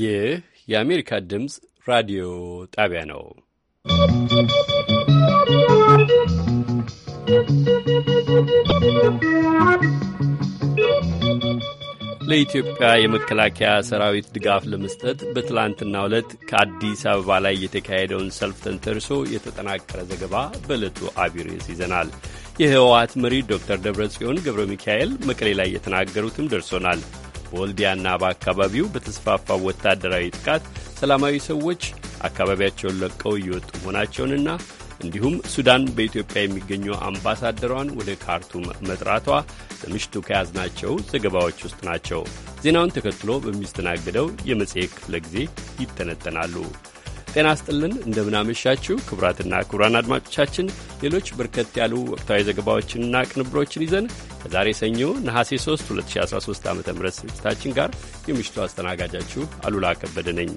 ይህ የአሜሪካ ድምፅ ራዲዮ ጣቢያ ነው። ለኢትዮጵያ የመከላከያ ሰራዊት ድጋፍ ለመስጠት በትላንትናው ዕለት ከአዲስ አበባ ላይ የተካሄደውን ሰልፍ ተንተርሶ የተጠናቀረ ዘገባ በዕለቱ አቢሬስ ይዘናል። የህወሓት መሪ ዶክተር ደብረጽዮን ገብረ ሚካኤል መቀሌ ላይ የተናገሩትም ደርሶናል። በወልዲያና በአካባቢው በተስፋፋው ወታደራዊ ጥቃት ሰላማዊ ሰዎች አካባቢያቸውን ለቀው እየወጡ መሆናቸውንና እንዲሁም ሱዳን በኢትዮጵያ የሚገኙ አምባሳደሯን ወደ ካርቱም መጥራቷ ለምሽቱ ከያዝናቸው ዘገባዎች ውስጥ ናቸው። ዜናውን ተከትሎ በሚስተናግደው የመጽሔት ክፍለ ጊዜ ይተነተናሉ። ጤና ስጥልን እንደምናመሻችሁ ክቡራትና ክቡራን አድማጮቻችን ሌሎች በርከት ያሉ ወቅታዊ ዘገባዎችንና ቅንብሮችን ይዘን ከዛሬ ሰኞ ነሐሴ 3 2013 ዓ ም ስርጭታችን ጋር የምሽቱ አስተናጋጃችሁ አሉላ ከበደ ነኝ።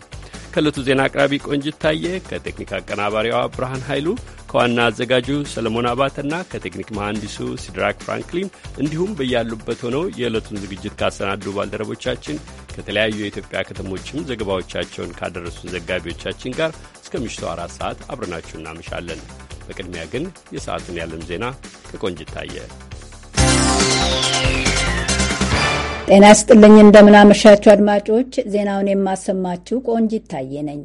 ከእለቱ ዜና አቅራቢ ቆንጅት ታየ፣ ከቴክኒክ አቀናባሪዋ ብርሃን ኃይሉ ከዋና አዘጋጁ ሰለሞን አባተና ከቴክኒክ መሐንዲሱ ሲድራክ ፍራንክሊን እንዲሁም በያሉበት ሆነው የዕለቱን ዝግጅት ካሰናዱ ባልደረቦቻችን ከተለያዩ የኢትዮጵያ ከተሞችም ዘገባዎቻቸውን ካደረሱን ዘጋቢዎቻችን ጋር እስከ ምሽቱ አራት ሰዓት አብረናችሁ እናመሻለን። በቅድሚያ ግን የሰዓቱን ያለም ዜና ከቆንጅት ታየ። ጤና ይስጥልኝ እንደምናመሻችሁ አድማጮች፣ ዜናውን የማሰማችሁ ቆንጅት ታየ ነኝ።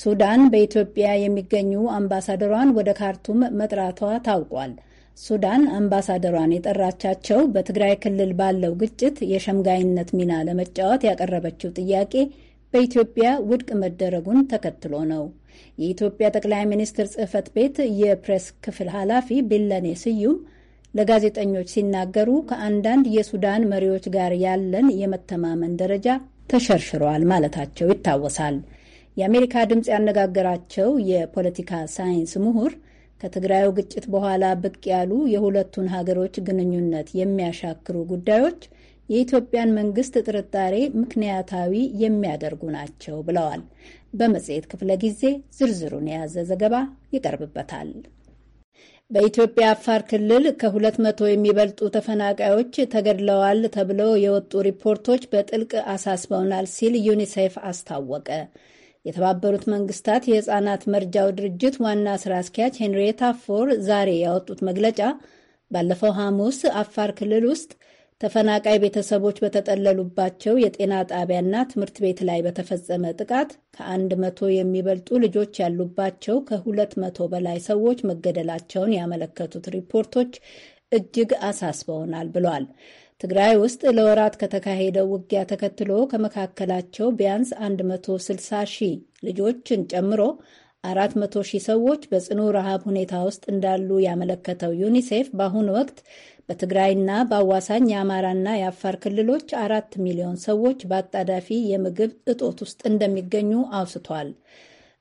ሱዳን በኢትዮጵያ የሚገኙ አምባሳደሯን ወደ ካርቱም መጥራቷ ታውቋል። ሱዳን አምባሳደሯን የጠራቻቸው በትግራይ ክልል ባለው ግጭት የሸምጋይነት ሚና ለመጫወት ያቀረበችው ጥያቄ በኢትዮጵያ ውድቅ መደረጉን ተከትሎ ነው። የኢትዮጵያ ጠቅላይ ሚኒስትር ጽሕፈት ቤት የፕሬስ ክፍል ኃላፊ ቢለኔ ስዩም ለጋዜጠኞች ሲናገሩ ከአንዳንድ የሱዳን መሪዎች ጋር ያለን የመተማመን ደረጃ ተሸርሽሯል ማለታቸው ይታወሳል። የአሜሪካ ድምፅ ያነጋገራቸው የፖለቲካ ሳይንስ ምሁር ከትግራዩ ግጭት በኋላ ብቅ ያሉ የሁለቱን ሀገሮች ግንኙነት የሚያሻክሩ ጉዳዮች የኢትዮጵያን መንግስት ጥርጣሬ ምክንያታዊ የሚያደርጉ ናቸው ብለዋል። በመጽሔት ክፍለ ጊዜ ዝርዝሩን የያዘ ዘገባ ይቀርብበታል። በኢትዮጵያ አፋር ክልል ከሁለት መቶ የሚበልጡ ተፈናቃዮች ተገድለዋል ተብለው የወጡ ሪፖርቶች በጥልቅ አሳስበውናል ሲል ዩኒሴፍ አስታወቀ። የተባበሩት መንግስታት የህፃናት መርጃው ድርጅት ዋና ስራ አስኪያጅ ሄንሪየታ ፎር ዛሬ ያወጡት መግለጫ ባለፈው ሐሙስ አፋር ክልል ውስጥ ተፈናቃይ ቤተሰቦች በተጠለሉባቸው የጤና ጣቢያና ትምህርት ቤት ላይ በተፈጸመ ጥቃት ከአንድ መቶ የሚበልጡ ልጆች ያሉባቸው ከሁለት መቶ በላይ ሰዎች መገደላቸውን ያመለከቱት ሪፖርቶች እጅግ አሳስበውናል ብሏል። ትግራይ ውስጥ ለወራት ከተካሄደው ውጊያ ተከትሎ ከመካከላቸው ቢያንስ 160 ሺህ ልጆችን ጨምሮ 400 ሺህ ሰዎች በጽኑ ረሃብ ሁኔታ ውስጥ እንዳሉ ያመለከተው ዩኒሴፍ በአሁኑ ወቅት በትግራይና በአዋሳኝ የአማራና የአፋር ክልሎች አራት ሚሊዮን ሰዎች በአጣዳፊ የምግብ እጦት ውስጥ እንደሚገኙ አውስቷል።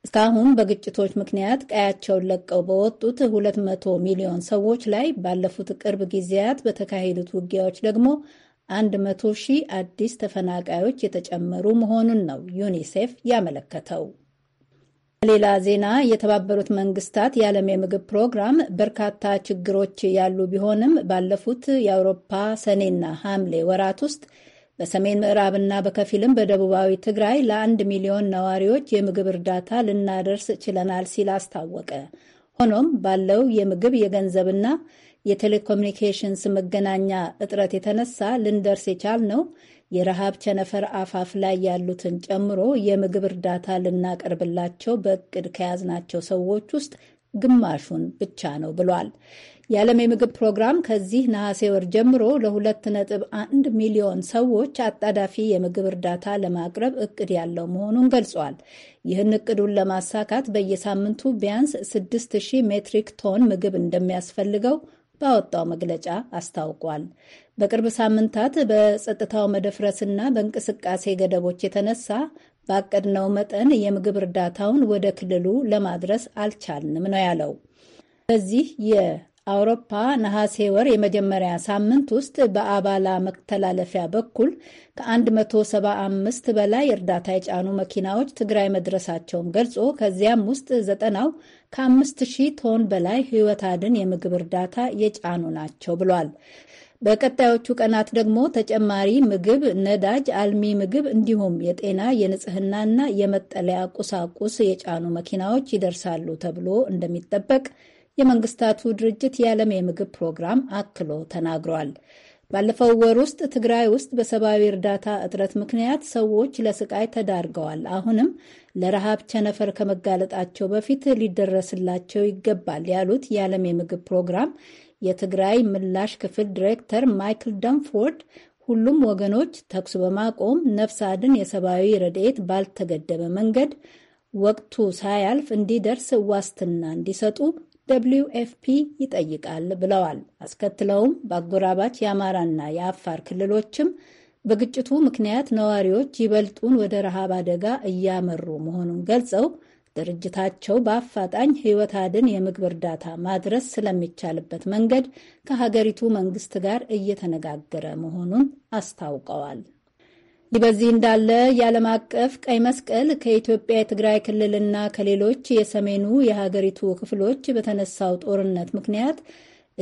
እስካሁን በግጭቶች ምክንያት ቀያቸውን ለቀው በወጡት 200 ሚሊዮን ሰዎች ላይ ባለፉት ቅርብ ጊዜያት በተካሄዱት ውጊያዎች ደግሞ 100 ሺህ አዲስ ተፈናቃዮች የተጨመሩ መሆኑን ነው ዩኒሴፍ ያመለከተው። በሌላ ዜና የተባበሩት መንግስታት የዓለም የምግብ ፕሮግራም በርካታ ችግሮች ያሉ ቢሆንም ባለፉት የአውሮፓ ሰኔና ሐምሌ ወራት ውስጥ በሰሜን ምዕራብና በከፊልም በደቡባዊ ትግራይ ለአንድ ሚሊዮን ነዋሪዎች የምግብ እርዳታ ልናደርስ ችለናል ሲል አስታወቀ። ሆኖም ባለው የምግብ የገንዘብና የቴሌኮሚኒኬሽንስ መገናኛ እጥረት የተነሳ ልንደርስ የቻልነው የረሃብ ቸነፈር አፋፍ ላይ ያሉትን ጨምሮ የምግብ እርዳታ ልናቀርብላቸው በእቅድ ከያዝናቸው ሰዎች ውስጥ ግማሹን ብቻ ነው ብሏል። የዓለም የምግብ ፕሮግራም ከዚህ ነሐሴ ወር ጀምሮ ለሁለት ነጥብ ሚሊዮን ሰዎች አጣዳፊ የምግብ እርዳታ ለማቅረብ እቅድ ያለው መሆኑን ገልጿል። ይህን እቅዱን ለማሳካት በየሳምንቱ ቢያንስ 6000 ሜትሪክ ቶን ምግብ እንደሚያስፈልገው ባወጣው መግለጫ አስታውቋል። በቅርብ ሳምንታት በጸጥታው መደፍረስና በእንቅስቃሴ ገደቦች የተነሳ ባቀድነው መጠን የምግብ እርዳታውን ወደ ክልሉ ለማድረስ አልቻልንም ነው ያለው። በዚህ አውሮፓ ነሐሴ ወር የመጀመሪያ ሳምንት ውስጥ በአባላ መተላለፊያ በኩል ከ175 በላይ እርዳታ የጫኑ መኪናዎች ትግራይ መድረሳቸውን ገልጾ ከዚያም ውስጥ ዘጠናው ከ5000 ቶን በላይ ሕይወት አድን የምግብ እርዳታ የጫኑ ናቸው ብሏል። በቀጣዮቹ ቀናት ደግሞ ተጨማሪ ምግብ፣ ነዳጅ፣ አልሚ ምግብ እንዲሁም የጤና የንጽህናና የመጠለያ ቁሳቁስ የጫኑ መኪናዎች ይደርሳሉ ተብሎ እንደሚጠበቅ የመንግስታቱ ድርጅት የዓለም የምግብ ፕሮግራም አክሎ ተናግሯል። ባለፈው ወር ውስጥ ትግራይ ውስጥ በሰብአዊ እርዳታ እጥረት ምክንያት ሰዎች ለስቃይ ተዳርገዋል። አሁንም ለረሃብ ቸነፈር ከመጋለጣቸው በፊት ሊደረስላቸው ይገባል ያሉት የዓለም የምግብ ፕሮግራም የትግራይ ምላሽ ክፍል ዲሬክተር ማይክል ደንፎርድ ሁሉም ወገኖች ተኩስ በማቆም ነፍስ አድን የሰብአዊ ረድኤት ባልተገደበ መንገድ ወቅቱ ሳያልፍ እንዲደርስ ዋስትና እንዲሰጡ ደብሊው ኤፍ ፒ ይጠይቃል ብለዋል። አስከትለውም በአጎራባች የአማራና የአፋር ክልሎችም በግጭቱ ምክንያት ነዋሪዎች ይበልጡን ወደ ረሃብ አደጋ እያመሩ መሆኑን ገልጸው ድርጅታቸው በአፋጣኝ ሕይወት አድን የምግብ እርዳታ ማድረስ ስለሚቻልበት መንገድ ከሀገሪቱ መንግስት ጋር እየተነጋገረ መሆኑን አስታውቀዋል። ይህ በዚህ እንዳለ የዓለም አቀፍ ቀይ መስቀል ከኢትዮጵያ የትግራይ ክልልና ከሌሎች የሰሜኑ የሀገሪቱ ክፍሎች በተነሳው ጦርነት ምክንያት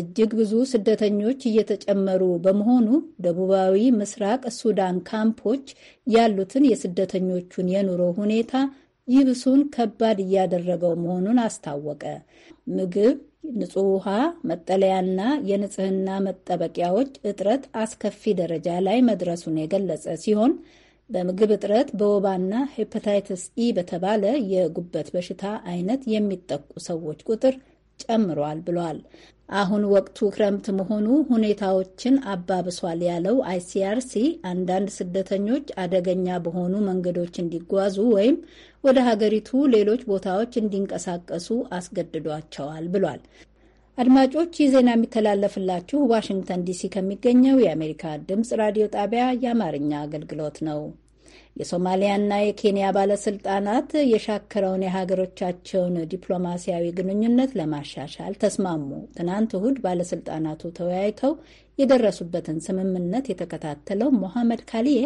እጅግ ብዙ ስደተኞች እየተጨመሩ በመሆኑ ደቡባዊ ምስራቅ ሱዳን ካምፖች ያሉትን የስደተኞቹን የኑሮ ሁኔታ ይብሱን ከባድ እያደረገው መሆኑን አስታወቀ። ምግብ፣ ንጹህ ውሃ፣ መጠለያና የንጽህና መጠበቂያዎች እጥረት አስከፊ ደረጃ ላይ መድረሱን የገለጸ ሲሆን በምግብ እጥረት በወባና ሄፓታይተስ ኢ በተባለ የጉበት በሽታ አይነት የሚጠቁ ሰዎች ቁጥር ጨምሯል ብሏል። አሁን ወቅቱ ክረምት መሆኑ ሁኔታዎችን አባብሷል ያለው አይሲአርሲ አንዳንድ ስደተኞች አደገኛ በሆኑ መንገዶች እንዲጓዙ ወይም ወደ ሀገሪቱ ሌሎች ቦታዎች እንዲንቀሳቀሱ አስገድዷቸዋል ብሏል። አድማጮች ይህ ዜና የሚተላለፍላችሁ ዋሽንግተን ዲሲ ከሚገኘው የአሜሪካ ድምፅ ራዲዮ ጣቢያ የአማርኛ አገልግሎት ነው። የሶማሊያና የኬንያ ባለስልጣናት የሻከረውን የሀገሮቻቸውን ዲፕሎማሲያዊ ግንኙነት ለማሻሻል ተስማሙ። ትናንት እሁድ ባለስልጣናቱ ተወያይተው የደረሱበትን ስምምነት የተከታተለው ሞሐመድ ካሊዬ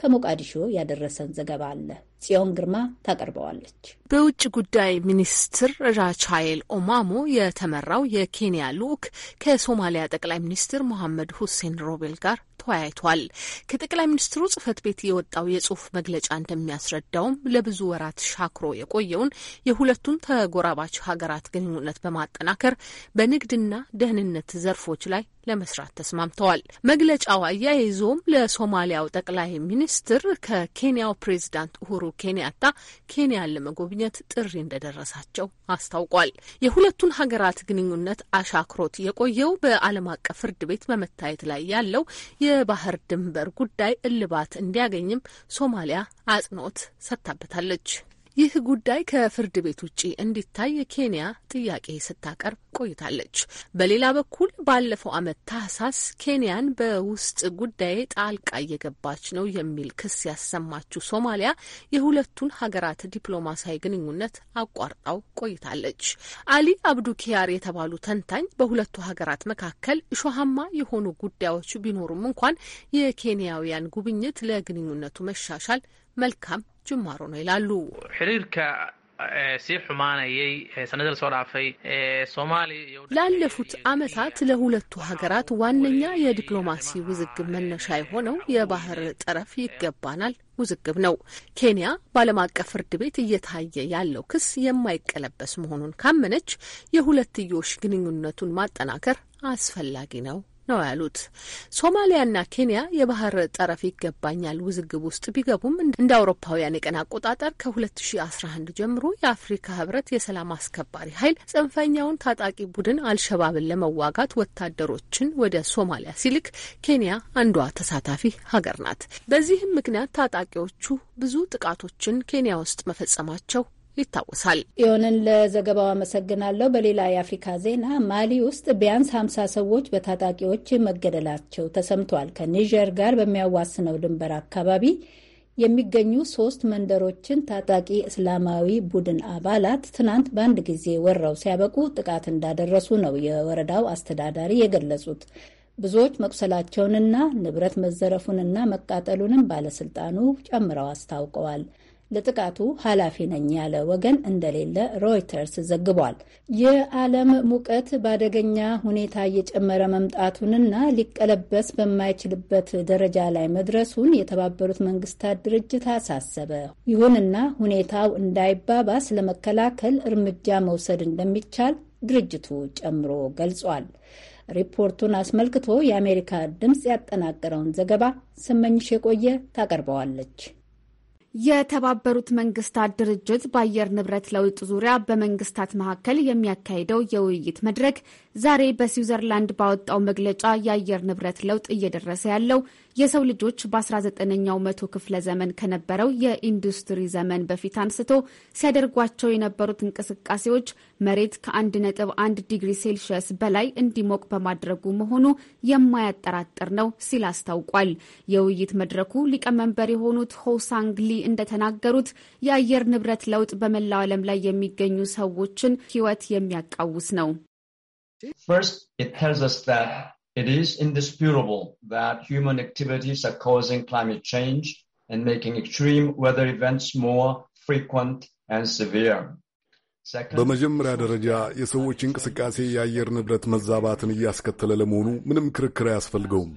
ከሞቃዲሾ ያደረሰን ዘገባ አለ። ጽዮን ግርማ ታቀርበዋለች። በውጭ ጉዳይ ሚኒስትር ራቻኤል ኦማሞ የተመራው የኬንያ ልዑክ ከሶማሊያ ጠቅላይ ሚኒስትር ሞሐመድ ሁሴን ሮቤል ጋር ተወያይቷል። ከጠቅላይ ሚኒስትሩ ጽህፈት ቤት የወጣው የጽሁፍ መግለጫ እንደሚያስረዳውም ለብዙ ወራት ሻክሮ የቆየውን የሁለቱን ተጎራባች ሀገራት ግንኙነት በማጠናከር በንግድና ደህንነት ዘርፎች ላይ ለመስራት ተስማምተዋል። መግለጫው አያይዞም ለሶማሊያው ጠቅላይ ሚኒስትር ከኬንያው ፕሬዚዳንት ኡሁሩ ኬንያታ ኬንያን ለመጎብኘት ጥሪ እንደደረሳቸው አስታውቋል። የሁለቱን ሀገራት ግንኙነት አሻክሮት የቆየው በዓለም አቀፍ ፍርድ ቤት በመታየት ላይ ያለው የ የባህር ድንበር ጉዳይ እልባት እንዲያገኝም ሶማሊያ አጽንኦት ሰጥታበታለች። ይህ ጉዳይ ከፍርድ ቤት ውጭ እንዲታይ ኬንያ ጥያቄ ስታቀርብ ቆይታለች። በሌላ በኩል ባለፈው ዓመት ታህሳስ ኬንያን በውስጥ ጉዳይ ጣልቃ እየገባች ነው የሚል ክስ ያሰማችው ሶማሊያ የሁለቱን ሀገራት ዲፕሎማሲያዊ ግንኙነት አቋርጣው ቆይታለች። አሊ አብዱ ኪያር የተባሉ ተንታኝ በሁለቱ ሀገራት መካከል እሾሃማ የሆኑ ጉዳዮች ቢኖሩም እንኳን የኬንያውያን ጉብኝት ለግንኙነቱ መሻሻል መልካም ጅማሮ ነው ይላሉ። ላለፉት ዓመታት ለሁለቱ ሀገራት ዋነኛ የዲፕሎማሲ ውዝግብ መነሻ የሆነው የባህር ጠረፍ ይገባናል ውዝግብ ነው። ኬንያ በዓለም አቀፍ ፍርድ ቤት እየታየ ያለው ክስ የማይቀለበስ መሆኑን ካመነች የሁለትዮሽ ግንኙነቱን ማጠናከር አስፈላጊ ነው ነው ያሉት። ሶማሊያና ኬንያ የባህር ጠረፍ ይገባኛል ውዝግብ ውስጥ ቢገቡም እንደ አውሮፓውያን የቀን አቆጣጠር ከ2011 ጀምሮ የአፍሪካ ህብረት የሰላም አስከባሪ ኃይል ጽንፈኛውን ታጣቂ ቡድን አልሸባብን ለመዋጋት ወታደሮችን ወደ ሶማሊያ ሲልክ ኬንያ አንዷ ተሳታፊ ሀገር ናት። በዚህም ምክንያት ታጣቂዎቹ ብዙ ጥቃቶችን ኬንያ ውስጥ መፈጸማቸው ይታወሳል። ኢዮንን ለዘገባው አመሰግናለሁ። በሌላ የአፍሪካ ዜና ማሊ ውስጥ ቢያንስ ሀምሳ ሰዎች በታጣቂዎች መገደላቸው ተሰምቷል። ከኒጀር ጋር በሚያዋስነው ድንበር አካባቢ የሚገኙ ሶስት መንደሮችን ታጣቂ እስላማዊ ቡድን አባላት ትናንት በአንድ ጊዜ ወረው ሲያበቁ ጥቃት እንዳደረሱ ነው የወረዳው አስተዳዳሪ የገለጹት። ብዙዎች መቁሰላቸውንና ንብረት መዘረፉንና መቃጠሉንም ባለስልጣኑ ጨምረው አስታውቀዋል። ለጥቃቱ ኃላፊ ነኝ ያለ ወገን እንደሌለ ሮይተርስ ዘግቧል። የዓለም ሙቀት በአደገኛ ሁኔታ እየጨመረ መምጣቱንና ሊቀለበስ በማይችልበት ደረጃ ላይ መድረሱን የተባበሩት መንግስታት ድርጅት አሳሰበ። ይሁንና ሁኔታው እንዳይባባስ ለመከላከል እርምጃ መውሰድ እንደሚቻል ድርጅቱ ጨምሮ ገልጿል። ሪፖርቱን አስመልክቶ የአሜሪካ ድምፅ ያጠናቀረውን ዘገባ ስመኝሽ የቆየ ታቀርበዋለች። የተባበሩት መንግስታት ድርጅት በአየር ንብረት ለውጥ ዙሪያ በመንግስታት መካከል የሚያካሂደው የውይይት መድረክ ዛሬ በስዊዘርላንድ ባወጣው መግለጫ የአየር ንብረት ለውጥ እየደረሰ ያለው የሰው ልጆች በ19ኛው መቶ ክፍለ ዘመን ከነበረው የኢንዱስትሪ ዘመን በፊት አንስቶ ሲያደርጓቸው የነበሩት እንቅስቃሴዎች መሬት ከ1.1 ዲግሪ ሴልሺየስ በላይ እንዲሞቅ በማድረጉ መሆኑ የማያጠራጥር ነው ሲል አስታውቋል። የውይይት መድረኩ ሊቀመንበር የሆኑት ሆሳንግሊ እንደተናገሩት የአየር ንብረት ለውጥ በመላው ዓለም ላይ የሚገኙ ሰዎችን ሕይወት የሚያቃውስ ነው። First, it tells us that It is indisputable that human activities are causing climate change and making extreme weather events more frequent and severe. በመጀመሪያ ደረጃ የሰዎች እንቅስቃሴ የአየር ንብረት መዛባትን እያስከተለ ለመሆኑ ምንም ክርክር አያስፈልገውም።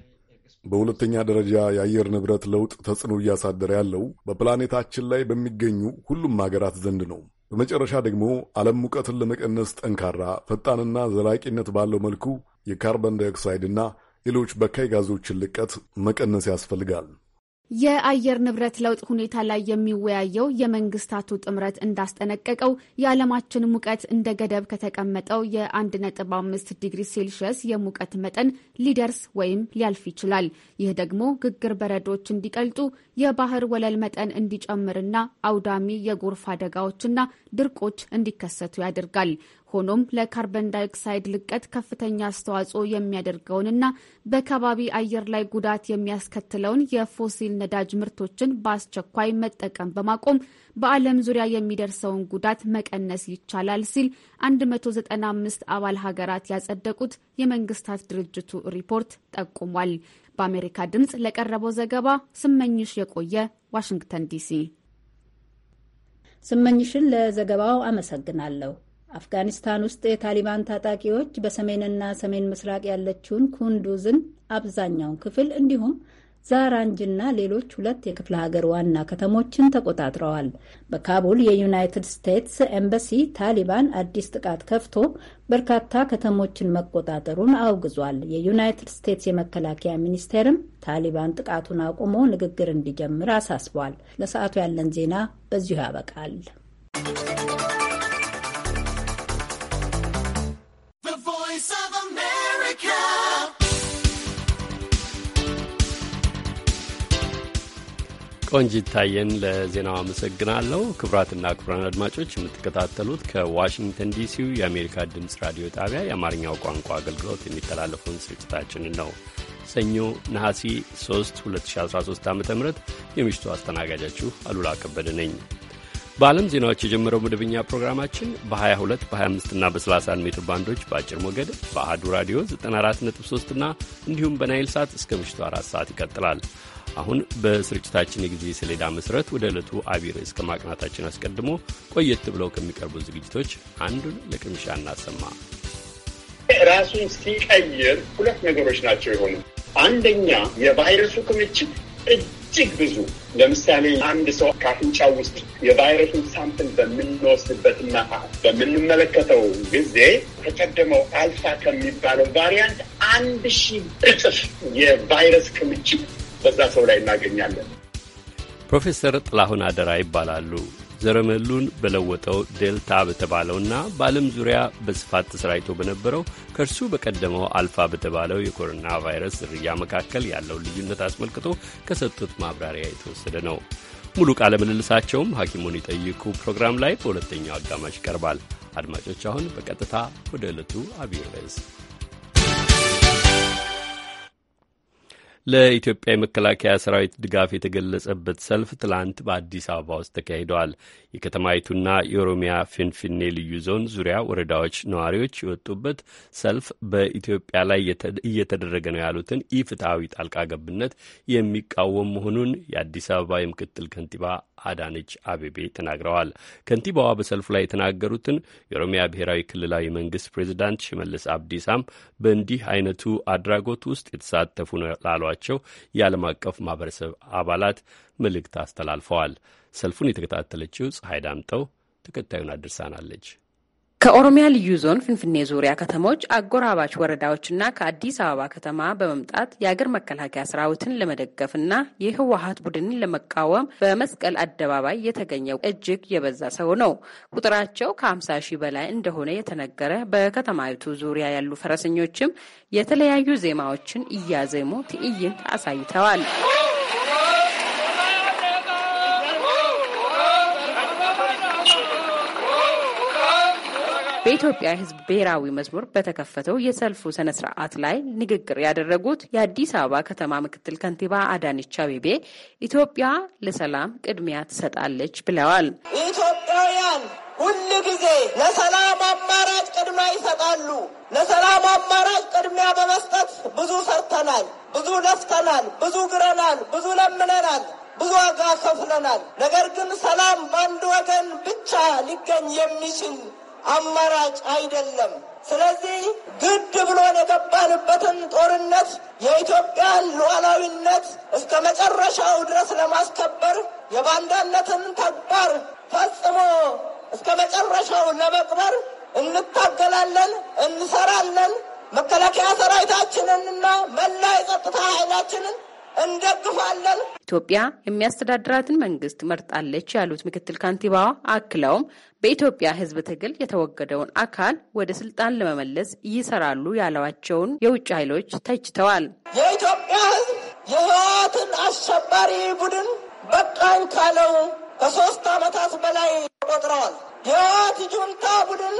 በሁለተኛ ደረጃ የአየር ንብረት ለውጥ ተጽዕኖ እያሳደረ ያለው በፕላኔታችን ላይ በሚገኙ ሁሉም ሀገራት ዘንድ ነው። በመጨረሻ ደግሞ ዓለም ሙቀትን ለመቀነስ ጠንካራ ፈጣንና ዘላቂነት ባለው መልኩ የካርበን ዳይኦክሳይድና ሌሎች በካይ ጋዞችን ልቀት መቀነስ ያስፈልጋል። የአየር ንብረት ለውጥ ሁኔታ ላይ የሚወያየው የመንግስታቱ ጥምረት እንዳስጠነቀቀው የዓለማችን ሙቀት እንደ ገደብ ከተቀመጠው የ1.5 ዲግሪ ሴልሺየስ የሙቀት መጠን ሊደርስ ወይም ሊያልፍ ይችላል። ይህ ደግሞ ግግር በረዶች እንዲቀልጡ፣ የባህር ወለል መጠን እንዲጨምርና አውዳሚ የጎርፍ አደጋዎችና ድርቆች እንዲከሰቱ ያደርጋል። ሆኖም ለካርበን ዳይኦክሳይድ ልቀት ከፍተኛ አስተዋጽኦ የሚያደርገውንና በከባቢ አየር ላይ ጉዳት የሚያስከትለውን የፎሲል ነዳጅ ምርቶችን በአስቸኳይ መጠቀም በማቆም በዓለም ዙሪያ የሚደርሰውን ጉዳት መቀነስ ይቻላል ሲል 195 አባል ሀገራት ያጸደቁት የመንግስታት ድርጅቱ ሪፖርት ጠቁሟል። በአሜሪካ ድምፅ ለቀረበው ዘገባ ስመኝሽ የቆየ ዋሽንግተን ዲሲ። ስመኝሽን ለዘገባው አመሰግናለሁ። አፍጋኒስታን ውስጥ የታሊባን ታጣቂዎች በሰሜንና ሰሜን ምስራቅ ያለችውን ኩንዱዝን አብዛኛውን ክፍል እንዲሁም ዛራንጅና ሌሎች ሁለት የክፍለ ሀገር ዋና ከተሞችን ተቆጣጥረዋል። በካቡል የዩናይትድ ስቴትስ ኤምበሲ ታሊባን አዲስ ጥቃት ከፍቶ በርካታ ከተሞችን መቆጣጠሩን አውግዟል። የዩናይትድ ስቴትስ የመከላከያ ሚኒስቴርም ታሊባን ጥቃቱን አቁሞ ንግግር እንዲጀምር አሳስቧል። ለሰዓቱ ያለን ዜና በዚሁ ያበቃል። ቆንጂ ታየን ለዜናው አመሰግናለሁ። ክቡራትና ክቡራን አድማጮች የምትከታተሉት ከዋሽንግተን ዲሲው የአሜሪካ ድምፅ ራዲዮ ጣቢያ የአማርኛው ቋንቋ አገልግሎት የሚተላለፈውን ስርጭታችንን ነው። ሰኞ ነሐሴ 3 2013 ዓ ም የምሽቱ አስተናጋጃችሁ አሉላ ከበደ ነኝ። በዓለም ዜናዎች የጀመረው መደበኛ ፕሮግራማችን በ22 በ25 እና በ31 ሜትር ባንዶች በአጭር ሞገድ በአህዱ ራዲዮ 943 እና እንዲሁም በናይል ሳት እስከ ምሽቱ አራት ሰዓት ይቀጥላል። አሁን በስርጭታችን የጊዜ ሰሌዳ መሠረት ወደ ዕለቱ አቢይ ርዕስ ከማቅናታችን አስቀድሞ ቆየት ብለው ከሚቀርቡ ዝግጅቶች አንዱን ለቅምሻ እናሰማ። ራሱን ሲቀይር ሁለት ነገሮች ናቸው የሆኑ። አንደኛ የቫይረሱ ክምችት እጅግ ብዙ። ለምሳሌ አንድ ሰው ከአፍንጫው ውስጥ የቫይረሱን ሳምፕል በምንወስድበትና በምንመለከተው ጊዜ ከቀደመው አልፋ ከሚባለው ቫሪያንት አንድ ሺህ እጥፍ የቫይረስ ክምችት በዛ ሰው ላይ እናገኛለን። ፕሮፌሰር ጥላሁን አደራ ይባላሉ። ዘረመሉን በለወጠው ዴልታ በተባለውና በዓለም ዙሪያ በስፋት ተሰራጭቶ በነበረው ከእርሱ በቀደመው አልፋ በተባለው የኮሮና ቫይረስ ዝርያ መካከል ያለውን ልዩነት አስመልክቶ ከሰጡት ማብራሪያ የተወሰደ ነው። ሙሉ ቃለ ምልልሳቸውም ሐኪሙን ይጠይቁ ፕሮግራም ላይ በሁለተኛው አጋማሽ ይቀርባል። አድማጮች፣ አሁን በቀጥታ ወደ ዕለቱ አብይ ርዕስ ለኢትዮጵያ የመከላከያ ሰራዊት ድጋፍ የተገለጸበት ሰልፍ ትላንት በአዲስ አበባ ውስጥ ተካሂደዋል። የከተማይቱና የኦሮሚያ ፊንፊኔ ልዩ ዞን ዙሪያ ወረዳዎች ነዋሪዎች የወጡበት ሰልፍ በኢትዮጵያ ላይ እየተደረገ ነው ያሉትን ኢፍትሐዊ ጣልቃ ገብነት የሚቃወም መሆኑን የአዲስ አበባ የምክትል ከንቲባ አዳነች አቤቤ ተናግረዋል። ከንቲባዋ በሰልፉ ላይ የተናገሩትን የኦሮሚያ ብሔራዊ ክልላዊ መንግስት ፕሬዚዳንት ሽመልስ አብዲሳም በእንዲህ አይነቱ አድራጎት ውስጥ የተሳተፉ ነው ላሏቸው የዓለም አቀፍ ማህበረሰብ አባላት መልእክት አስተላልፈዋል። ሰልፉን የተከታተለችው ፀሐይ ዳምጠው ተከታዩን አድርሳናለች። ከኦሮሚያ ልዩ ዞን ፍንፍኔ ዙሪያ ከተሞች አጎራባች ወረዳዎችና ከአዲስ አበባ ከተማ በመምጣት የአገር መከላከያ ሰራዊትን ለመደገፍና የህወሀት ቡድንን ለመቃወም በመስቀል አደባባይ የተገኘው እጅግ የበዛ ሰው ነው። ቁጥራቸው ከ50 ሺህ በላይ እንደሆነ የተነገረ በከተማይቱ ዙሪያ ያሉ ፈረሰኞችም የተለያዩ ዜማዎችን እያዜሙ ትዕይንት አሳይተዋል። በኢትዮጵያ ሕዝብ ብሔራዊ መዝሙር በተከፈተው የሰልፉ ስነ ስርዓት ላይ ንግግር ያደረጉት የአዲስ አበባ ከተማ ምክትል ከንቲባ አዳነች አቤቤ ኢትዮጵያ ለሰላም ቅድሚያ ትሰጣለች ብለዋል። ኢትዮጵያውያን ሁል ጊዜ ለሰላም አማራጭ ቅድሚያ ይሰጣሉ። ለሰላም አማራጭ ቅድሚያ በመስጠት ብዙ ሰርተናል፣ ብዙ ለፍተናል፣ ብዙ ግረናል፣ ብዙ ለምነናል ብዙ ዋጋ ከፍለናል። ነገር ግን ሰላም በአንድ ወገን ብቻ ሊገኝ የሚችል አማራጭ አይደለም። ስለዚህ ግድ ብሎን የገባንበትን ጦርነት የኢትዮጵያን ሉዓላዊነት እስከ መጨረሻው ድረስ ለማስከበር የባንዳነትን ተግባር ፈጽሞ እስከ መጨረሻው ለመቅበር እንታገላለን፣ እንሰራለን። መከላከያ ሰራዊታችንንና መላ የጸጥታ ኃይላችንን እንደግፋለን። ኢትዮጵያ የሚያስተዳድራትን መንግስት መርጣለች ያሉት ምክትል ከንቲባዋ አክለውም በኢትዮጵያ ሕዝብ ትግል የተወገደውን አካል ወደ ስልጣን ለመመለስ ይሰራሉ ያለዋቸውን የውጭ ኃይሎች ተችተዋል። የኢትዮጵያ ሕዝብ የህወሓትን አሸባሪ ቡድን በቃኝ ካለው ከሶስት ዓመታት በላይ ተቆጥረዋል። የህወሓት ጁንታ ቡድን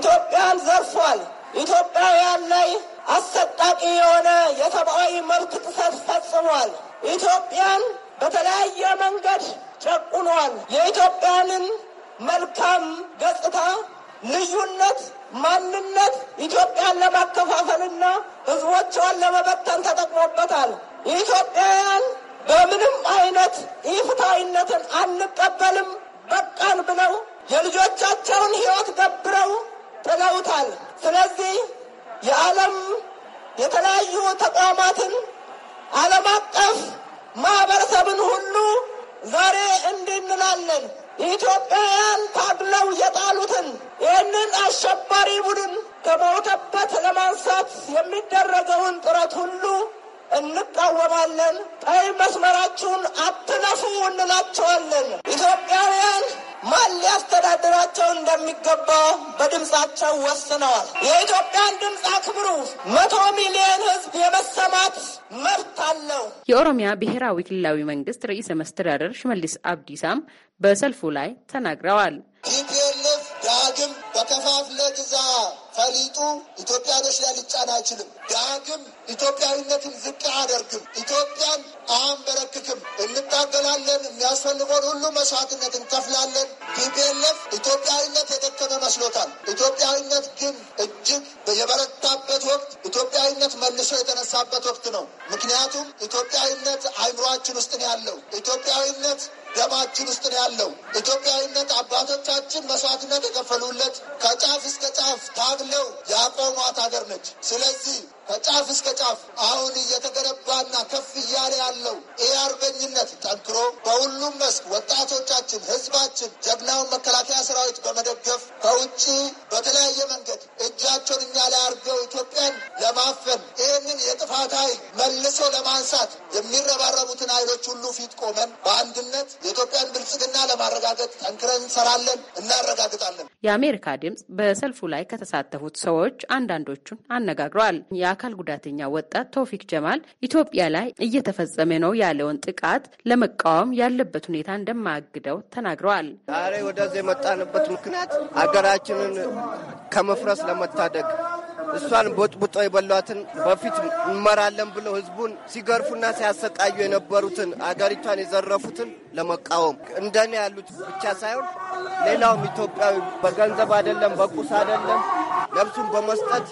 ኢትዮጵያን ዘርፏል። ኢትዮጵያውያን ላይ አሰቃቂ የሆነ የሰብአዊ መብት ጥሰት ፈጽሟል። ኢትዮጵያን በተለያየ መንገድ ጨቁኗል። የኢትዮጵያንን መልካም ገጽታ፣ ልዩነት፣ ማንነት ኢትዮጵያን ለማከፋፈልና ህዝቦቿን ለመበተን ተጠቅሞበታል። ኢትዮጵያውያን በምንም አይነት ኢፍታዊነትን አንቀበልም በቃን ብለው የልጆቻቸውን ህይወት ገብረው ጥለውታል። ስለዚህ የዓለም የተለያዩ ተቋማትን ዓለም አቀፍ ማህበረሰብን ሁሉ ዛሬ እንዲህ እንላለን ኢትዮጵያውያን ታግለው የጣሉትን ይህንን አሸባሪ ቡድን ከሞተበት ለማንሳት የሚደረገውን ጥረት ሁሉ እንቃወማለን። ቀይ መስመራችሁን አትነፉ እንላቸዋለን። ኢትዮጵያውያን ማን ሊያስተዳድራቸው እንደሚገባ በድምፃቸው ወስነዋል። የኢትዮጵያን ድምፅ አክብሩ። መቶ ሚሊዮን ሕዝብ የመሰማት መብት አለው። የኦሮሚያ ብሔራዊ ክልላዊ መንግስት ርዕሰ መስተዳደር ሽመልስ አብዲሳም በሰልፉ ላይ ተናግረዋል። ቲፒኤልኤፍ ዳግም በከፋፍለ ግዛ ፈሊጡ ኢትዮጵያኖች ላይ ሊጫን አይችልም። ዳግም ኢትዮጵያዊነትን ዝቅ አደርግም። ኢትዮጵያን አንበረክክም። እንታገላለን። የሚያስፈልገውን ሁሉ መስዋዕትነት እንከፍላለን። ቲፒኤልኤፍ ኢትዮጵያዊነት የደከመ መስሎታል። ኢትዮጵያዊነት ግን እጅግ የበረታበት ወቅት፣ ኢትዮጵያዊነት መልሶ የተነሳበት ወቅት ነው። ምክንያቱም ኢትዮጵያዊነት አይምሯችን ውስጥ ነው ያለው። ኢትዮጵያዊነት ደማችን ውስጥ ነው ያለው። ኢትዮጵያዊነት አባቶቻችን መስዋዕትነት የከፈሉለት ከጫፍ እስከ ጫፍ ታግለው ያቆሟት ሀገር ነች። ስለዚህ ከጫፍ እስከ ጫፍ አሁን እየተገነባና ከፍ እያለ ያለው ይህ አርበኝነት ጠንክሮ በሁሉም መስክ ወጣቶቻችን፣ ህዝባችን ጀግናውን መከላከያ ሰራዊት በመደገፍ ከውጭ በተለያየ መንገድ እጃቸውን እኛ ላይ አድርገው ኢትዮጵያን ለማፈን ይህንን የጥፋት ኃይል መልሶ ለማንሳት የሚረባረቡትን ኃይሎች ሁሉ ፊት ቆመን በአንድነት የኢትዮጵያን ብልጽግና ለማረጋገጥ ጠንክረን እንሰራለን፣ እናረጋግጣለን። የአሜሪካ ድምፅ በሰልፉ ላይ ከተሳተፉት ሰዎች አንዳንዶቹን አነጋግረዋል። የአካል ጉዳተኛ ወጣት ቶፊክ ጀማል ኢትዮጵያ ላይ እየተፈጸመ ነው ያለውን ጥቃት ለመቃወም ያለበት ሁኔታ እንደማያግደው ተናግረዋል። ዛሬ ወደዚህ የመጣንበት ምክንያት ሀገራችንን ከመፍረስ ለመታደግ እሷን ቦጥቡጠው የበሏትን በፊት እንመራለን ብለው ህዝቡን ሲገርፉና ሲያሰቃዩ የነበሩትን አገሪቷን የዘረፉትን ለመቃወም እንደኔ ያሉት ብቻ ሳይሆን ሌላውም ኢትዮጵያዊ በገንዘብ አይደለም፣ በቁስ አይደለም፣ ነፍሱን በመስጠት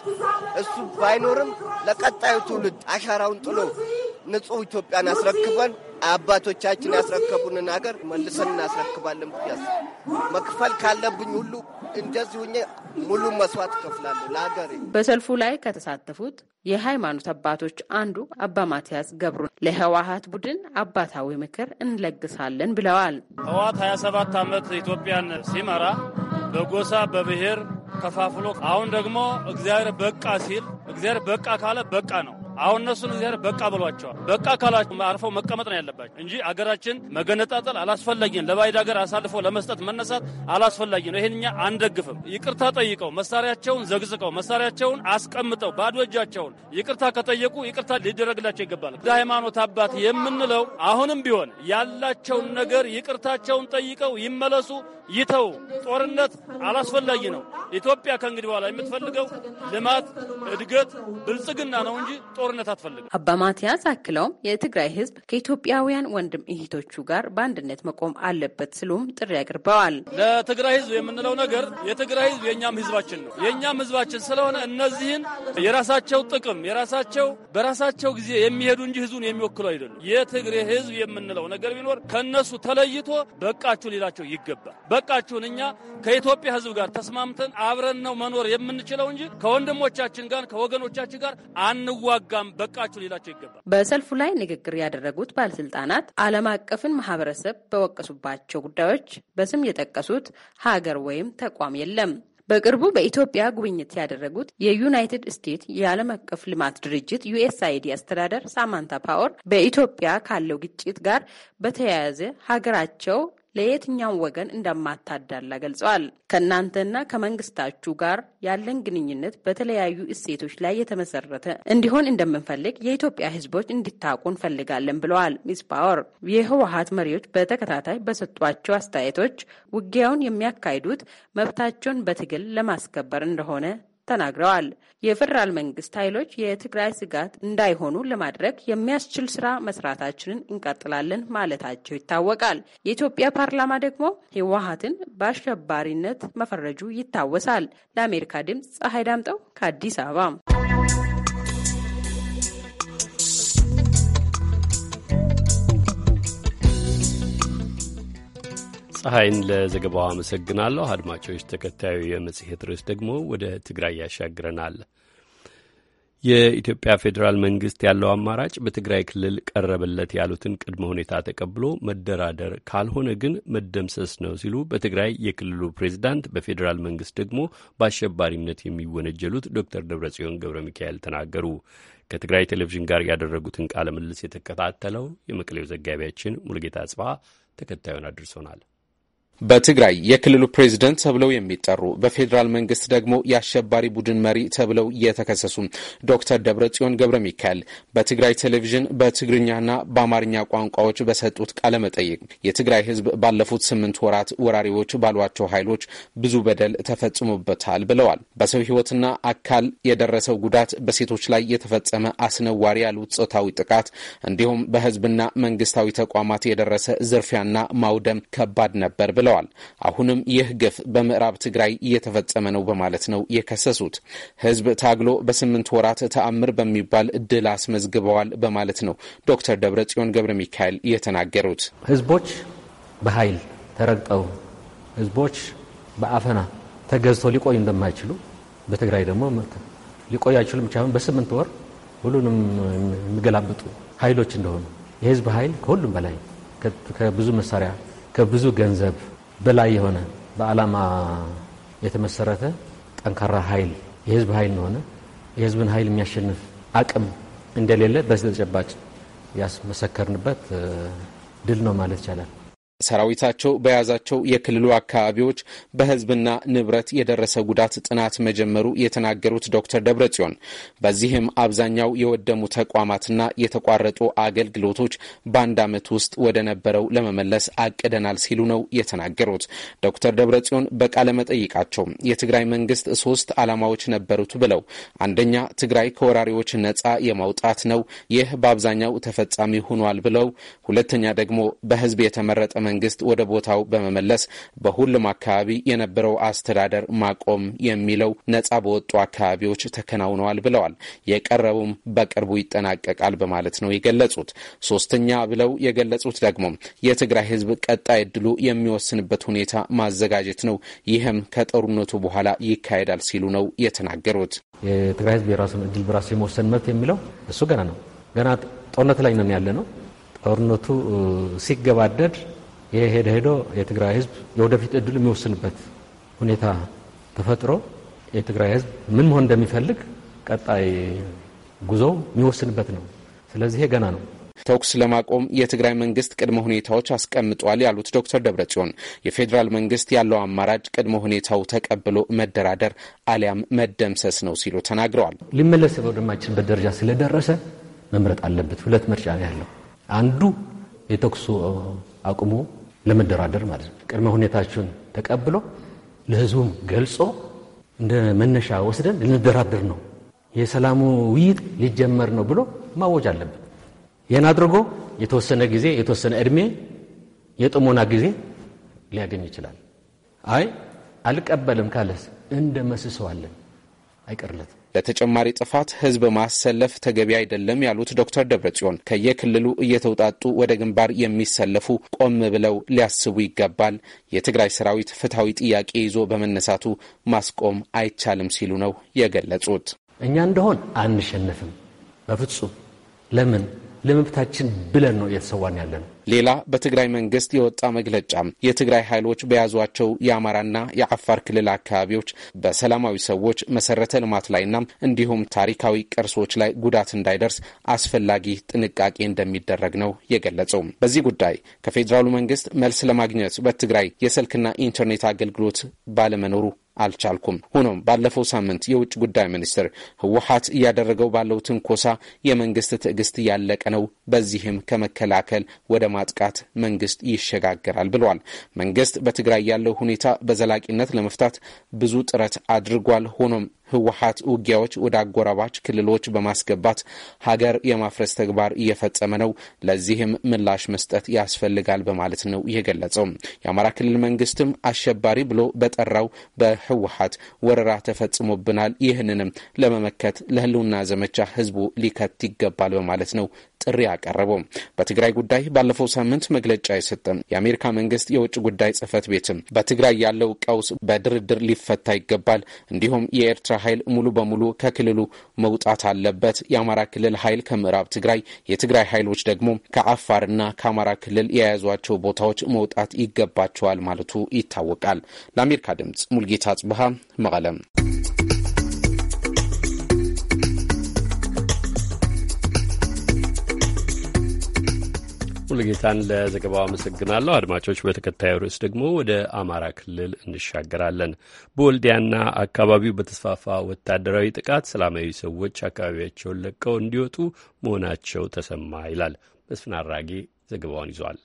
እሱ ባይኖርም ለቀጣዩ ትውልድ አሻራውን ጥሎ ንጹህ ኢትዮጵያን አስረክበን አባቶቻችን ያስረከቡንን ሀገር መልሰን እናስረክባለን ብያስ መክፈል ካለብኝ ሁሉ እንደዚሁ ሙሉ መስዋዕት እከፍላለሁ ለሀገሬ። በሰልፉ ላይ ከተሳተፉት የሃይማኖት አባቶች አንዱ አባ ማትያስ ገብሩ ለህወሀት ቡድን አባታዊ ምክር እንለግሳለን ብለዋል። ህወሀት 27 ዓመት ኢትዮጵያን ሲመራ በጎሳ በብሔር ከፋፍሎ አሁን ደግሞ እግዚአብሔር በቃ ሲል እግዚአብሔር በቃ ካለ በቃ ነው። አሁን እነሱን እግዚአብሔር በቃ ብሏቸዋል። በቃ ካላቸው አርፈው መቀመጥ ነው ያለባቸው እንጂ አገራችን መገነጣጠል አላስፈላጊን ለባይድ ሀገር አሳልፎ ለመስጠት መነሳት አላስፈላጊ ነው። ይህን እኛ አንደግፍም። ይቅርታ ጠይቀው መሳሪያቸውን ዘግዝቀው መሳሪያቸውን አስቀምጠው ባዶ እጃቸውን ይቅርታ ከጠየቁ ይቅርታ ሊደረግላቸው ይገባል። እንደ ሃይማኖት አባት የምንለው አሁንም ቢሆን ያላቸውን ነገር ይቅርታቸውን ጠይቀው ይመለሱ፣ ይተው። ጦርነት አላስፈላጊ ነው። ኢትዮጵያ ከእንግዲህ በኋላ የምትፈልገው ልማት፣ እድገት፣ ብልጽግና ነው እንጂ ጦርነት አትፈልግም። አባ ማትያስ አክለውም የትግራይ ህዝብ ከኢትዮጵያውያን ወንድም እህቶቹ ጋር በአንድነት መቆም አለበት ሲሉም ጥሪ አቅርበዋል። ለትግራይ ህዝብ የምንለው ነገር የትግራይ ህዝብ የእኛም ህዝባችን ነው የእኛም ህዝባችን ስለሆነ እነዚህን የራሳቸው ጥቅም የራሳቸው በራሳቸው ጊዜ የሚሄዱ እንጂ ህዝቡን የሚወክሉ አይደሉም። የትግሬ ህዝብ የምንለው ነገር ቢኖር ከእነሱ ተለይቶ በቃችሁ ሌላቸው ይገባል። በቃችሁን እኛ ከኢትዮጵያ ህዝብ ጋር ተስማምተን አብረን ነው መኖር የምንችለው እንጂ ከወንድሞቻችን ጋር ከወገኖቻችን ጋር አንዋጋም፣ በቃችሁ ሌላቸው ይገባል። በሰልፉ ላይ ንግግር ያደረጉት ባለስልጣናት ዓለም አቀፍን ማህበረሰብ በወቀሱባቸው ጉዳዮች በስም የጠቀሱት ሀገር ወይም ተቋም የለም። በቅርቡ በኢትዮጵያ ጉብኝት ያደረጉት የዩናይትድ ስቴትስ የዓለም አቀፍ ልማት ድርጅት ዩኤስአይዲ አስተዳደር ሳማንታ ፓወር በኢትዮጵያ ካለው ግጭት ጋር በተያያዘ ሀገራቸው ለየትኛው ወገን እንደማታዳላ ገልጸዋል። ከእናንተና ከመንግስታችሁ ጋር ያለን ግንኙነት በተለያዩ እሴቶች ላይ የተመሰረተ እንዲሆን እንደምንፈልግ የኢትዮጵያ ሕዝቦች እንዲታቁ እንፈልጋለን ብለዋል። ሚስ ፓወር የህወሀት መሪዎች በተከታታይ በሰጧቸው አስተያየቶች ውጊያውን የሚያካሂዱት መብታቸውን በትግል ለማስከበር እንደሆነ ተናግረዋል። የፌዴራል መንግስት ኃይሎች የትግራይ ስጋት እንዳይሆኑ ለማድረግ የሚያስችል ስራ መስራታችንን እንቀጥላለን ማለታቸው ይታወቃል። የኢትዮጵያ ፓርላማ ደግሞ ህወሀትን በአሸባሪነት መፈረጁ ይታወሳል። ለአሜሪካ ድምፅ ፀሐይ ዳምጠው ከአዲስ አበባ ፀሐይን ለዘገባው አመሰግናለሁ። አድማጮች፣ ተከታዩ የመጽሔት ርዕስ ደግሞ ወደ ትግራይ ያሻግረናል። የኢትዮጵያ ፌዴራል መንግስት ያለው አማራጭ በትግራይ ክልል ቀረበለት ያሉትን ቅድመ ሁኔታ ተቀብሎ መደራደር ካልሆነ ግን መደምሰስ ነው ሲሉ በትግራይ የክልሉ ፕሬዚዳንት፣ በፌዴራል መንግስት ደግሞ በአሸባሪነት የሚወነጀሉት ዶክተር ደብረጽዮን ገብረ ሚካኤል ተናገሩ። ከትግራይ ቴሌቪዥን ጋር ያደረጉትን ቃለ ምልልስ የተከታተለው የመቀሌው ዘጋቢያችን ሙልጌታ ጽባ ተከታዩን አድርሶናል። በትግራይ የክልሉ ፕሬዚደንት ተብለው የሚጠሩ በፌዴራል መንግስት ደግሞ የአሸባሪ ቡድን መሪ ተብለው የተከሰሱ ዶክተር ደብረጽዮን ገብረ ሚካኤል በትግራይ ቴሌቪዥን በትግርኛና በአማርኛ ቋንቋዎች በሰጡት ቃለመጠይቅ የትግራይ ህዝብ ባለፉት ስምንት ወራት ወራሪዎች ባሏቸው ኃይሎች ብዙ በደል ተፈጽሞበታል ብለዋል። በሰው ህይወትና አካል የደረሰው ጉዳት፣ በሴቶች ላይ የተፈጸመ አስነዋሪ ያሉት ጾታዊ ጥቃት እንዲሁም በህዝብና መንግስታዊ ተቋማት የደረሰ ዝርፊያና ማውደም ከባድ ነበር ብለዋል። ብለዋል። አሁንም ይህ ግፍ በምዕራብ ትግራይ እየተፈጸመ ነው በማለት ነው የከሰሱት። ህዝብ ታግሎ በስምንት ወራት ተአምር በሚባል ድል አስመዝግበዋል በማለት ነው ዶክተር ደብረ ጽዮን ገብረ ሚካኤል የተናገሩት። ህዝቦች በኃይል ተረግጠው ህዝቦች በአፈና ተገዝቶ ሊቆዩ እንደማይችሉ በትግራይ ደግሞ ሊቆዩ አይችሉም ብቻ በስምንት ወር ሁሉንም የሚገላብጡ ኃይሎች እንደሆኑ የህዝብ ኃይል ከሁሉም በላይ ከብዙ መሳሪያ ከብዙ ገንዘብ በላይ የሆነ በዓላማ የተመሰረተ ጠንካራ ኃይል የህዝብ ኃይል እንደሆነ የህዝብን ኃይል የሚያሸንፍ አቅም እንደሌለ በስተጨባጭ ያስመሰከርንበት ድል ነው ማለት ይቻላል። ሰራዊታቸው በያዛቸው የክልሉ አካባቢዎች በህዝብና ንብረት የደረሰ ጉዳት ጥናት መጀመሩ የተናገሩት ዶክተር ደብረጽዮን በዚህም አብዛኛው የወደሙ ተቋማትና የተቋረጡ አገልግሎቶች በአንድ ዓመት ውስጥ ወደ ነበረው ለመመለስ አቅደናል ሲሉ ነው የተናገሩት። ዶክተር ደብረጽዮን በቃለመጠይቃቸው የትግራይ መንግስት ሶስት ዓላማዎች ነበሩት ብለው አንደኛ ትግራይ ከወራሪዎች ነጻ የማውጣት ነው። ይህ በአብዛኛው ተፈጻሚ ሆኗል ብለው ሁለተኛ ደግሞ በህዝብ የተመረጠ መንግስት ወደ ቦታው በመመለስ በሁሉም አካባቢ የነበረው አስተዳደር ማቆም የሚለው ነጻ በወጡ አካባቢዎች ተከናውነዋል ብለዋል። የቀረቡም በቅርቡ ይጠናቀቃል በማለት ነው የገለጹት። ሶስተኛ ብለው የገለጹት ደግሞ የትግራይ ህዝብ ቀጣይ እድሉ የሚወስንበት ሁኔታ ማዘጋጀት ነው። ይህም ከጦርነቱ በኋላ ይካሄዳል ሲሉ ነው የተናገሩት። የትግራይ ህዝብ የራሱን እድል በራሱ የመወሰን መብት የሚለው እሱ ገና ነው። ገና ጦርነት ላይ ነን ያለ ነው። ጦርነቱ ሲገባደድ ይሄ ሄደ ሄዶ የትግራይ ህዝብ የወደፊት እድል የሚወስንበት ሁኔታ ተፈጥሮ የትግራይ ህዝብ ምን መሆን እንደሚፈልግ ቀጣይ ጉዞው የሚወስንበት ነው። ስለዚህ ገና ነው። ተኩስ ለማቆም የትግራይ መንግስት ቅድመ ሁኔታዎች አስቀምጧል ያሉት ዶክተር ደብረጽዮን የፌዴራል መንግስት ያለው አማራጭ ቅድመ ሁኔታው ተቀብሎ መደራደር አሊያም መደምሰስ ነው ሲሉ ተናግረዋል። ሊመለስ ወደማይችልበት ደረጃ ስለደረሰ መምረጥ አለበት። ሁለት ምርጫ ያለው አንዱ የተኩሱ አቁሙ ለመደራደር ማለት ነው። ቅድመ ሁኔታችሁን ተቀብሎ ለህዝቡም ገልጾ እንደ መነሻ ወስደን ልንደራደር ነው፣ የሰላሙ ውይይት ሊጀመር ነው ብሎ ማወጅ አለበት። ይህን አድርጎ የተወሰነ ጊዜ የተወሰነ ዕድሜ የጥሞና ጊዜ ሊያገኝ ይችላል። አይ አልቀበልም ካለስ እንደ መስሰዋለን አይቀርለትም። ለተጨማሪ ጥፋት ህዝብ ማሰለፍ ተገቢ አይደለም ያሉት ዶክተር ደብረጽዮን ከየክልሉ እየተውጣጡ ወደ ግንባር የሚሰለፉ ቆም ብለው ሊያስቡ ይገባል። የትግራይ ሰራዊት ፍትሐዊ ጥያቄ ይዞ በመነሳቱ ማስቆም አይቻልም ሲሉ ነው የገለጹት። እኛ እንደሆን አንሸነፍም በፍጹም ለምን ለመብታችን ብለን ነው እየተሰዋን ያለ ነው። ሌላ በትግራይ መንግስት የወጣ መግለጫ የትግራይ ኃይሎች በያዟቸው የአማራና የአፋር ክልል አካባቢዎች በሰላማዊ ሰዎች መሰረተ ልማት ላይና እንዲሁም ታሪካዊ ቅርሶች ላይ ጉዳት እንዳይደርስ አስፈላጊ ጥንቃቄ እንደሚደረግ ነው የገለጸው። በዚህ ጉዳይ ከፌዴራሉ መንግስት መልስ ለማግኘት በትግራይ የስልክና ኢንተርኔት አገልግሎት ባለመኖሩ አልቻልኩም። ሆኖም ባለፈው ሳምንት የውጭ ጉዳይ ሚኒስትር ህወሀት እያደረገው ባለው ትንኮሳ የመንግስት ትዕግስት ያለቀ ነው፣ በዚህም ከመከላከል ወደ ማጥቃት መንግስት ይሸጋገራል ብለዋል። መንግስት በትግራይ ያለው ሁኔታ በዘላቂነት ለመፍታት ብዙ ጥረት አድርጓል። ሆኖም ህወሀት ውጊያዎች ወደ አጎራባች ክልሎች በማስገባት ሀገር የማፍረስ ተግባር እየፈጸመ ነው። ለዚህም ምላሽ መስጠት ያስፈልጋል በማለት ነው የገለጸው። የአማራ ክልል መንግስትም አሸባሪ ብሎ በጠራው በህወሀት ወረራ ተፈጽሞብናል። ይህንንም ለመመከት ለህልውና ዘመቻ ህዝቡ ሊከት ይገባል በማለት ነው ጥሪ አቀረቡ። በትግራይ ጉዳይ ባለፈው ሳምንት መግለጫ የሰጠም የአሜሪካ መንግስት የውጭ ጉዳይ ጽህፈት ቤትም በትግራይ ያለው ቀውስ በድርድር ሊፈታ ይገባል፣ እንዲሁም የኤርትራ ኃይል ሙሉ በሙሉ ከክልሉ መውጣት አለበት፣ የአማራ ክልል ኃይል ከምዕራብ ትግራይ፣ የትግራይ ኃይሎች ደግሞ ከአፋርና ከአማራ ክልል የያዟቸው ቦታዎች መውጣት ይገባቸዋል ማለቱ ይታወቃል። ለአሜሪካ ድምጽ ሙልጌታ ጽብሃ መቀለም ሙሉጌታን ለዘገባው አመሰግናለሁ። አድማጮች፣ በተከታዩ ርዕስ ደግሞ ወደ አማራ ክልል እንሻገራለን። በወልዲያና አካባቢው በተስፋፋ ወታደራዊ ጥቃት ሰላማዊ ሰዎች አካባቢያቸውን ለቀው እንዲወጡ መሆናቸው ተሰማ ይላል። መስፍን አራጌ ዘገባውን ይዟል።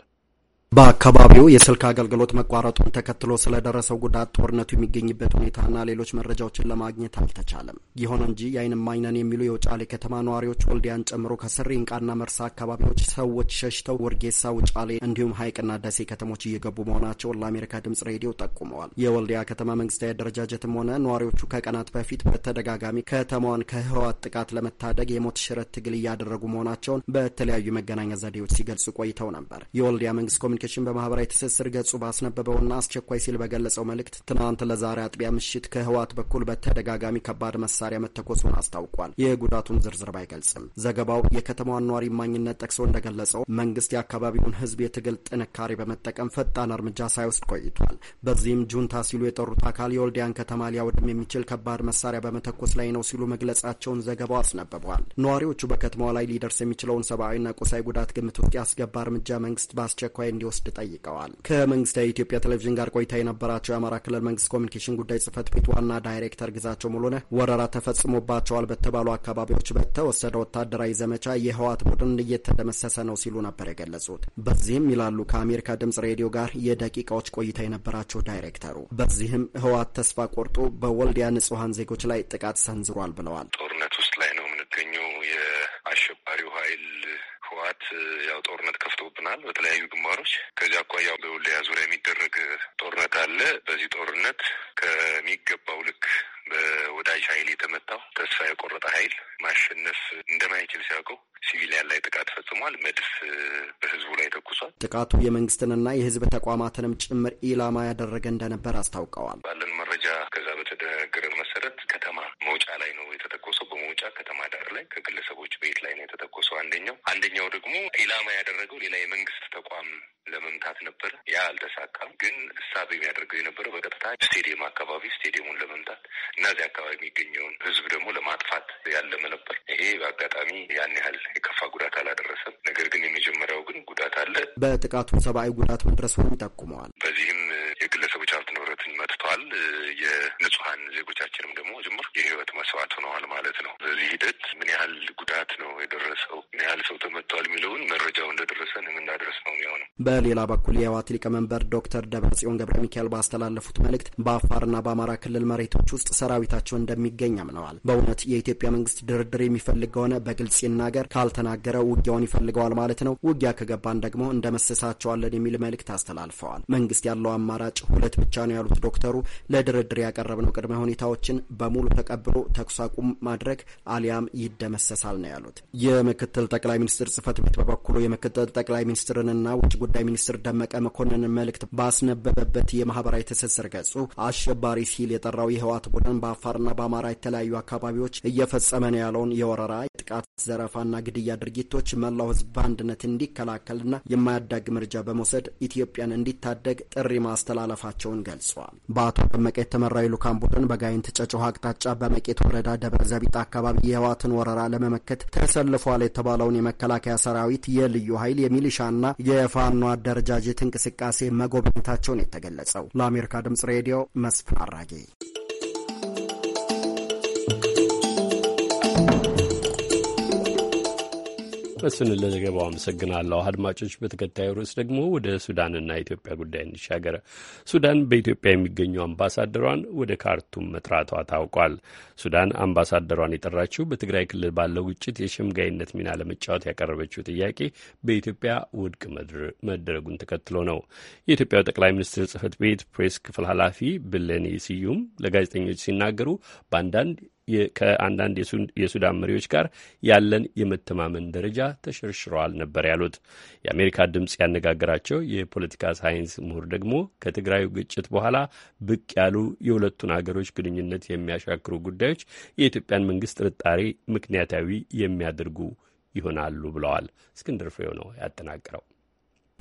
በአካባቢው የስልክ አገልግሎት መቋረጡን ተከትሎ ስለደረሰው ጉዳት ጦርነቱ የሚገኝበት ሁኔታና ሌሎች መረጃዎችን ለማግኘት አልተቻለም። ይሁን እንጂ የአይን ማይነን የሚሉ የውጫሌ ከተማ ነዋሪዎች ወልዲያን ጨምሮ ከስሪ እንቃና መርሳ አካባቢዎች ሰዎች ሸሽተው ወርጌሳ፣ ውጫሌ እንዲሁም ሐይቅና ደሴ ከተሞች እየገቡ መሆናቸውን ለአሜሪካ ድምጽ ሬዲዮ ጠቁመዋል። የወልዲያ ከተማ መንግስታዊ አደረጃጀትም ሆነ ነዋሪዎቹ ከቀናት በፊት በተደጋጋሚ ከተማዋን ከህወሓት ጥቃት ለመታደግ የሞት ሽረት ትግል እያደረጉ መሆናቸውን በተለያዩ መገናኛ ዘዴዎች ሲገልጹ ቆይተው ነበር። የወልዲያ መንግስት ኮሚኒ ኮሚኒኬሽን በማህበራዊ ትስስር ገጹ ባስነበበውና አስቸኳይ ሲል በገለጸው መልእክት ትናንት ለዛሬ አጥቢያ ምሽት ከህወሓት በኩል በተደጋጋሚ ከባድ መሳሪያ መተኮሱን አስታውቋል። የጉዳቱን ዝርዝር ባይገልጽም ዘገባው የከተማዋን ነዋሪ ማኝነት ጠቅሶ እንደገለጸው መንግስት የአካባቢውን ህዝብ የትግል ጥንካሬ በመጠቀም ፈጣን እርምጃ ሳይወስድ ቆይቷል። በዚህም ጁንታ ሲሉ የጠሩት አካል የወልዲያን ከተማ ሊያውድም የሚችል ከባድ መሳሪያ በመተኮስ ላይ ነው ሲሉ መግለጻቸውን ዘገባው አስነብቧል። ነዋሪዎቹ በከተማዋ ላይ ሊደርስ የሚችለውን ሰብአዊና ቁሳዊ ጉዳት ግምት ውስጥ ያስገባ እርምጃ መንግስት በአስቸኳይ እንዲወስ እንዲወስድ ጠይቀዋል። ከመንግስት የኢትዮጵያ ቴሌቪዥን ጋር ቆይታ የነበራቸው የአማራ ክልል መንግስት ኮሚኒኬሽን ጉዳይ ጽህፈት ቤት ዋና ዳይሬክተር ግዛቸው ሙሉነህ ወረራ ተፈጽሞባቸዋል በተባሉ አካባቢዎች በተወሰደ ወታደራዊ ዘመቻ የህወሓት ቡድን እየተደመሰሰ ነው ሲሉ ነበር የገለጹት። በዚህም ይላሉ ከአሜሪካ ድምጽ ሬዲዮ ጋር የደቂቃዎች ቆይታ የነበራቸው ዳይሬክተሩ በዚህም ህወሓት ተስፋ ቆርጦ በወልዲያ ንጹሐን ዜጎች ላይ ጥቃት ሰንዝሯል ብለዋል። ጦርነት ውስጥ ላይ ነው የምንገኘው የአሸባሪው ኃይል ህወሀት ያው ጦርነት ከፍቶብናል በተለያዩ ግንባሮች። ከዚህ አኳያ በወልዲያ ዙሪያ የሚደረግ ጦርነት አለ። በዚህ ጦርነት ከሚገባው ልክ በወዳጅ ኃይል የተመታው ተስፋ የቆረጠ ኃይል ማሸነፍ እንደማይችል ሲያውቀው ሲቪሊያን ላይ ጥቃት ፈጽሟል። መድፍ በህዝቡ ላይ ተኩሷል። ጥቃቱ የመንግስትንና የህዝብ ተቋማትንም ጭምር ኢላማ ያደረገ እንደነበር አስታውቀዋል። ባለን መረጃ ከዛ በተደነገረ መሰረት ከተማ መውጫ ላይ ነው የተተኮሰው። በመውጫ ከተማ ዳር ላይ ከግለሰቦች ቤት ላይ ነው አንደኛው ደግሞ ኢላማ ያደረገው ሌላ የመንግስት ተቋም ለመምታት ነበር ያ አልተሳካም። ግን እሳቤ የሚያደርገው የነበረው በቀጥታ ስቴዲየም አካባቢ ስቴዲየሙን ለመምታት እና እዚህ አካባቢ የሚገኘውን ህዝብ ደግሞ ለማጥፋት ያለመ ነበር። ይሄ በአጋጣሚ ያን ያህል የከፋ ጉዳት አላደረሰም። ነገር ግን የመጀመሪያው ግን ጉዳት አለ። በጥቃቱ ሰብአዊ ጉዳት መድረሱን ይጠቁመዋል። በዚህም የንጹሀን ዜጎቻችንም ደግሞ ጭምር የህይወት መስዋዕት ሆነዋል ማለት ነው። በዚህ ሂደት ምን ያህል ጉዳት ነው የደረሰው፣ ምን ያህል ሰው ተመቷል የሚለውን መረጃው እንደደረሰን የምናደርስ ነው የሚሆነው። በሌላ በኩል የህወሓት ሊቀመንበር ዶክተር ደብረጽዮን ገብረ ሚካኤል ባስተላለፉት መልእክት በአፋርና በአማራ ክልል መሬቶች ውስጥ ሰራዊታቸው እንደሚገኝ አምነዋል። በእውነት የኢትዮጵያ መንግስት ድርድር የሚፈልግ ከሆነ በግልጽ ይናገር፣ ካልተናገረ ውጊያውን ይፈልገዋል ማለት ነው። ውጊያ ከገባን ደግሞ እንደመሰሳቸዋለን የሚል መልእክት አስተላልፈዋል። መንግስት ያለው አማራጭ ሁለት ብቻ ነው ያሉት ዶክተሩ ለድርድር ያቀረብነው ቅድመ ሁኔታዎችን በሙሉ ተቀብሎ ተኩስ አቁም ማድረግ አሊያም ይደመሰሳል ነው ያሉት። የምክትል ጠቅላይ ሚኒስትር ጽህፈት ቤት በበኩሉ የምክትል ጠቅላይ ሚኒስትርንና ውጭ ጉዳይ ሚኒስትር ደመቀ መኮንንን መልእክት ባስነበበበት የማህበራዊ ትስስር ገጹ አሸባሪ ሲል የጠራው የህወሓት ቡድን በአፋርና በአማራ የተለያዩ አካባቢዎች እየፈጸመ ነው ያለውን የወረራ ጥቃት፣ ዘረፋና ግድያ ድርጊቶች መላው ህዝብ በአንድነት እንዲከላከልና የማያዳግም እርምጃ በመውሰድ ኢትዮጵያን እንዲታደግ ጥሪ ማስተላለፋቸውን ገልጿል። በአቶ እየተጠመቀ የተመራው የልዑካን ቡድን በጋይንት ጨጮሃ አቅጣጫ በመቄት ወረዳ ደብረ ዘቢጥ አካባቢ የህወሓትን ወረራ ለመመከት ተሰልፏል የተባለውን የመከላከያ ሰራዊት፣ የልዩ ኃይል፣ የሚሊሻና የፋኖ አደረጃጀት እንቅስቃሴ መጎብኘታቸውን የተገለጸው። ለአሜሪካ ድምጽ ሬዲዮ መስፍን አራጌ መስፍንን ለዘገባው አመሰግናለሁ። አድማጮች፣ በተከታዩ ርዕስ ደግሞ ወደ ሱዳንና ኢትዮጵያ ጉዳይ እንሻገር። ሱዳን በኢትዮጵያ የሚገኙ አምባሳደሯን ወደ ካርቱም መጥራቷ ታውቋል። ሱዳን አምባሳደሯን የጠራችው በትግራይ ክልል ባለው ግጭት የሸምጋይነት ሚና ለመጫወት ያቀረበችው ጥያቄ በኢትዮጵያ ውድቅ መደረጉን ተከትሎ ነው። የኢትዮጵያው ጠቅላይ ሚኒስትር ጽህፈት ቤት ፕሬስ ክፍል ኃላፊ ብለኔ ስዩም ለጋዜጠኞች ሲናገሩ በአንዳንድ ከአንዳንድ የሱዳን መሪዎች ጋር ያለን የመተማመን ደረጃ ተሸርሽረዋል ነበር ያሉት። የአሜሪካ ድምፅ ያነጋገራቸው የፖለቲካ ሳይንስ ምሁር ደግሞ ከትግራዩ ግጭት በኋላ ብቅ ያሉ የሁለቱን አገሮች ግንኙነት የሚያሻክሩ ጉዳዮች የኢትዮጵያን መንግስት ጥርጣሬ ምክንያታዊ የሚያደርጉ ይሆናሉ ብለዋል። እስክንድር ፍሬው ነው ያጠናቀረው።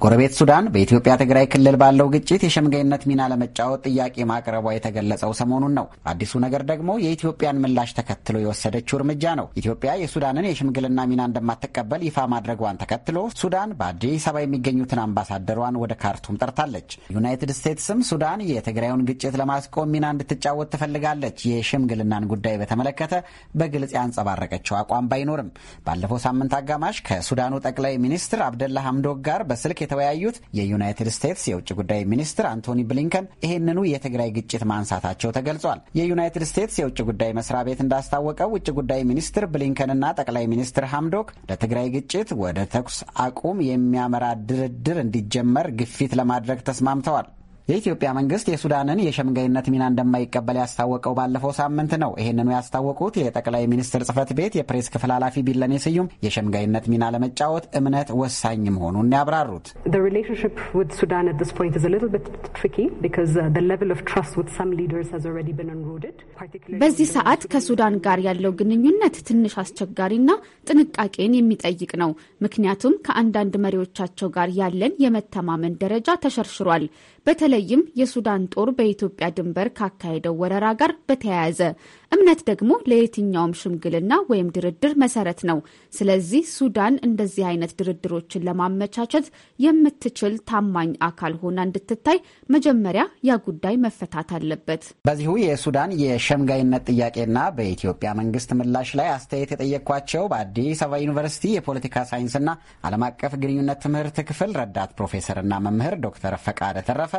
ጎረቤት ሱዳን በኢትዮጵያ ትግራይ ክልል ባለው ግጭት የሸምጋይነት ሚና ለመጫወት ጥያቄ ማቅረቧ የተገለጸው ሰሞኑን ነው። አዲሱ ነገር ደግሞ የኢትዮጵያን ምላሽ ተከትሎ የወሰደችው እርምጃ ነው። ኢትዮጵያ የሱዳንን የሽምግልና ሚና እንደማትቀበል ይፋ ማድረጓን ተከትሎ ሱዳን በአዲስ አበባ የሚገኙትን አምባሳደሯን ወደ ካርቱም ጠርታለች። ዩናይትድ ስቴትስም ሱዳን የትግራዩን ግጭት ለማስቆም ሚና እንድትጫወት ትፈልጋለች። የሽምግልናን ጉዳይ በተመለከተ በግልጽ ያንጸባረቀችው አቋም ባይኖርም ባለፈው ሳምንት አጋማሽ ከሱዳኑ ጠቅላይ ሚኒስትር አብደላ ሐምዶክ ጋር በስልክ የተወያዩት የዩናይትድ ስቴትስ የውጭ ጉዳይ ሚኒስትር አንቶኒ ብሊንከን ይህንኑ የትግራይ ግጭት ማንሳታቸው ተገልጿል። የዩናይትድ ስቴትስ የውጭ ጉዳይ መስሪያ ቤት እንዳስታወቀው ውጭ ጉዳይ ሚኒስትር ብሊንከንና ጠቅላይ ሚኒስትር ሐምዶክ ለትግራይ ግጭት ወደ ተኩስ አቁም የሚያመራ ድርድር እንዲጀመር ግፊት ለማድረግ ተስማምተዋል። የኢትዮጵያ መንግስት የሱዳንን የሸምጋይነት ሚና እንደማይቀበል ያስታወቀው ባለፈው ሳምንት ነው። ይህንኑ ያስታወቁት የጠቅላይ ሚኒስትር ጽህፈት ቤት የፕሬስ ክፍል ኃላፊ ቢለኔ ስዩም የሸምጋይነት ሚና ለመጫወት እምነት ወሳኝ መሆኑን ያብራሩት uh, በዚህ ሰዓት ከሱዳን ጋር ያለው ግንኙነት ትንሽ አስቸጋሪና ጥንቃቄን የሚጠይቅ ነው። ምክንያቱም ከአንዳንድ መሪዎቻቸው ጋር ያለን የመተማመን ደረጃ ተሸርሽሯል። በተለ በተለይም የሱዳን ጦር በኢትዮጵያ ድንበር ካካሄደው ወረራ ጋር በተያያዘ። እምነት ደግሞ ለየትኛውም ሽምግልና ወይም ድርድር መሰረት ነው። ስለዚህ ሱዳን እንደዚህ አይነት ድርድሮችን ለማመቻቸት የምትችል ታማኝ አካል ሆና እንድትታይ መጀመሪያ ያ ጉዳይ መፈታት አለበት። በዚሁ የሱዳን የሸምጋይነት ጥያቄና በኢትዮጵያ መንግስት ምላሽ ላይ አስተያየት የጠየቅኳቸው በአዲስ አበባ ዩኒቨርሲቲ የፖለቲካ ሳይንስና ዓለም አቀፍ ግንኙነት ትምህርት ክፍል ረዳት ፕሮፌሰርና መምህር ዶክተር ፈቃደ ተረፈ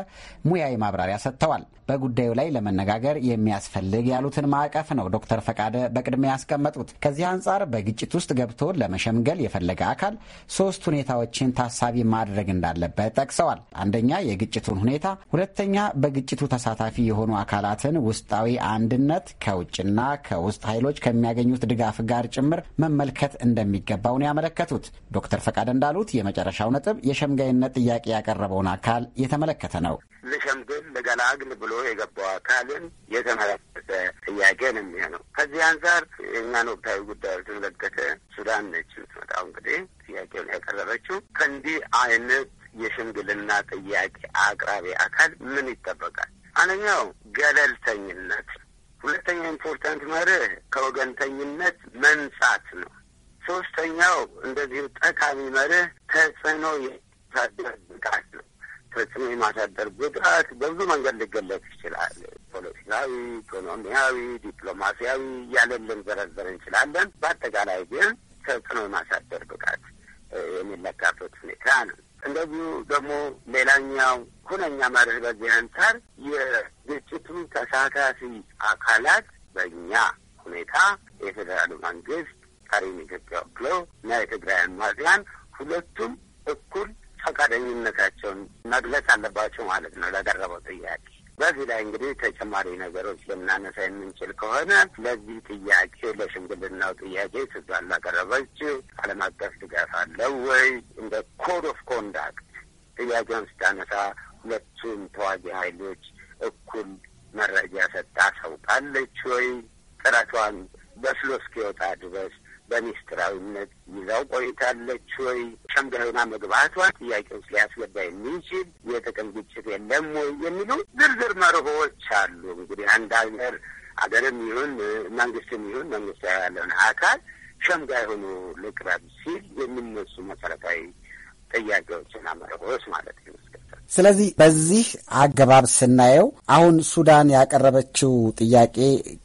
ሙያዊ ማብራሪያ ሰጥተዋል። በጉዳዩ ላይ ለመነጋገር የሚያስፈልግ ያሉትን ማዕቀፍ ነው ዶክተር ፈቃደ በቅድሚያ ያስቀመጡት። ከዚህ አንጻር በግጭት ውስጥ ገብቶ ለመሸምገል የፈለገ አካል ሶስት ሁኔታዎችን ታሳቢ ማድረግ እንዳለበት ጠቅሰዋል። አንደኛ፣ የግጭቱን ሁኔታ፣ ሁለተኛ፣ በግጭቱ ተሳታፊ የሆኑ አካላትን ውስጣዊ አንድነት ከውጭና ከውስጥ ኃይሎች ከሚያገኙት ድጋፍ ጋር ጭምር መመልከት እንደሚገባው ነው ያመለከቱት። ዶክተር ፈቃደ እንዳሉት የመጨረሻው ነጥብ የሸምጋይነት ጥያቄ ያቀረበውን አካል የተመለከተ ነው። ልሸምግል ልገላግል ብሎ የገባው አካልን የተመለከተ ጥያቄ ነው የሚሆነው። ከዚህ አንጻር የእኛን ወቅታዊ ጉዳዮች የተመለከተ ሱዳን ነች የምትመጣው እንግዲህ ጥያቄውን ያቀረበችው ከእንዲህ አይነት የሽምግልና ጥያቄ አቅራቢ አካል ምን ይጠበቃል? አንደኛው ገለልተኝነት፣ ሁለተኛ ኢምፖርታንት መርህ ከወገንተኝነት መንጻት ነው። ሶስተኛው እንደዚሁ ጠቃሚ መርህ ተጽዕኖ የታደር ብቃት ነው። ተጽዕኖ የማሳደር ጉዳት በብዙ መንገድ ሊገለጽ ይችላል። ፖለቲካዊ፣ ኢኮኖሚያዊ፣ ዲፕሎማሲያዊ እያለን ልንዘረዘር እንችላለን። በአጠቃላይ ግን ተጽዕኖ የማሳደር ብቃት የሚለካበት ሁኔታ ነው። እንደዚሁ ደግሞ ሌላኛው ሁነኛ መርህ በዚህ አንጻር የግጭቱ ተሳታፊ አካላት በእኛ ሁኔታ የፌዴራሉ መንግስት ቀሪም ኢትዮጵያ ወክሎ እና የትግራይ አማጽያን ሁለቱም እኩል ፈቃደኝነታቸውን መግለጽ አለባቸው ማለት ነው ለቀረበው ጥያቄ። በዚህ ላይ እንግዲህ ተጨማሪ ነገሮች ልናነሳ የምንችል ከሆነ ለዚህ ጥያቄ ለሽምግልናው ጥያቄ ኢትዮጵያ ላቀረበች ዓለም አቀፍ ድጋፍ አለው ወይ? እንደ ኮድ ኦፍ ኮንዳክት ጥያቄውን ስታነሳ ሁለቱም ተዋጊ ኃይሎች እኩል መረጃ ሰጥታ ሰውጣለች ወይ? ጥረቷን በስሎ እስኪወጣ ድረስ በሚስጥራዊነት ይዛው ቆይታለች ወይ? ሸምጋዮና መግባቷ ጥያቄዎች ሊያስገባ የሚችል የጥቅም ግጭት የለም ወይ የሚሉ ዝርዝር መርሆዎች አሉ። እንግዲህ አንድ ሀገር አገርም ይሁን መንግስትም ይሁን መንግስት ያለውን አካል ሸምጋ የሆኑ ልቅረብ ሲል የሚነሱ መሰረታዊ ጥያቄዎችና መርሆዎች ማለት ነው። ስለዚህ በዚህ አገባብ ስናየው አሁን ሱዳን ያቀረበችው ጥያቄ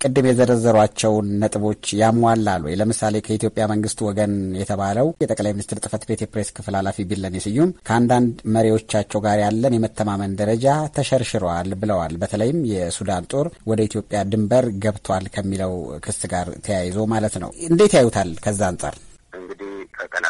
ቅድም የዘረዘሯቸውን ነጥቦች ያሟላሉ ወይ? ለምሳሌ ከኢትዮጵያ መንግስት ወገን የተባለው የጠቅላይ ሚኒስትር ጽህፈት ቤት የፕሬስ ክፍል ኃላፊ ቢለኔ ስዩም ከአንዳንድ መሪዎቻቸው ጋር ያለን የመተማመን ደረጃ ተሸርሽረዋል ብለዋል። በተለይም የሱዳን ጦር ወደ ኢትዮጵያ ድንበር ገብቷል ከሚለው ክስ ጋር ተያይዞ ማለት ነው። እንዴት ያዩታል ከዛ አንጻር? እንግዲህ ከቀን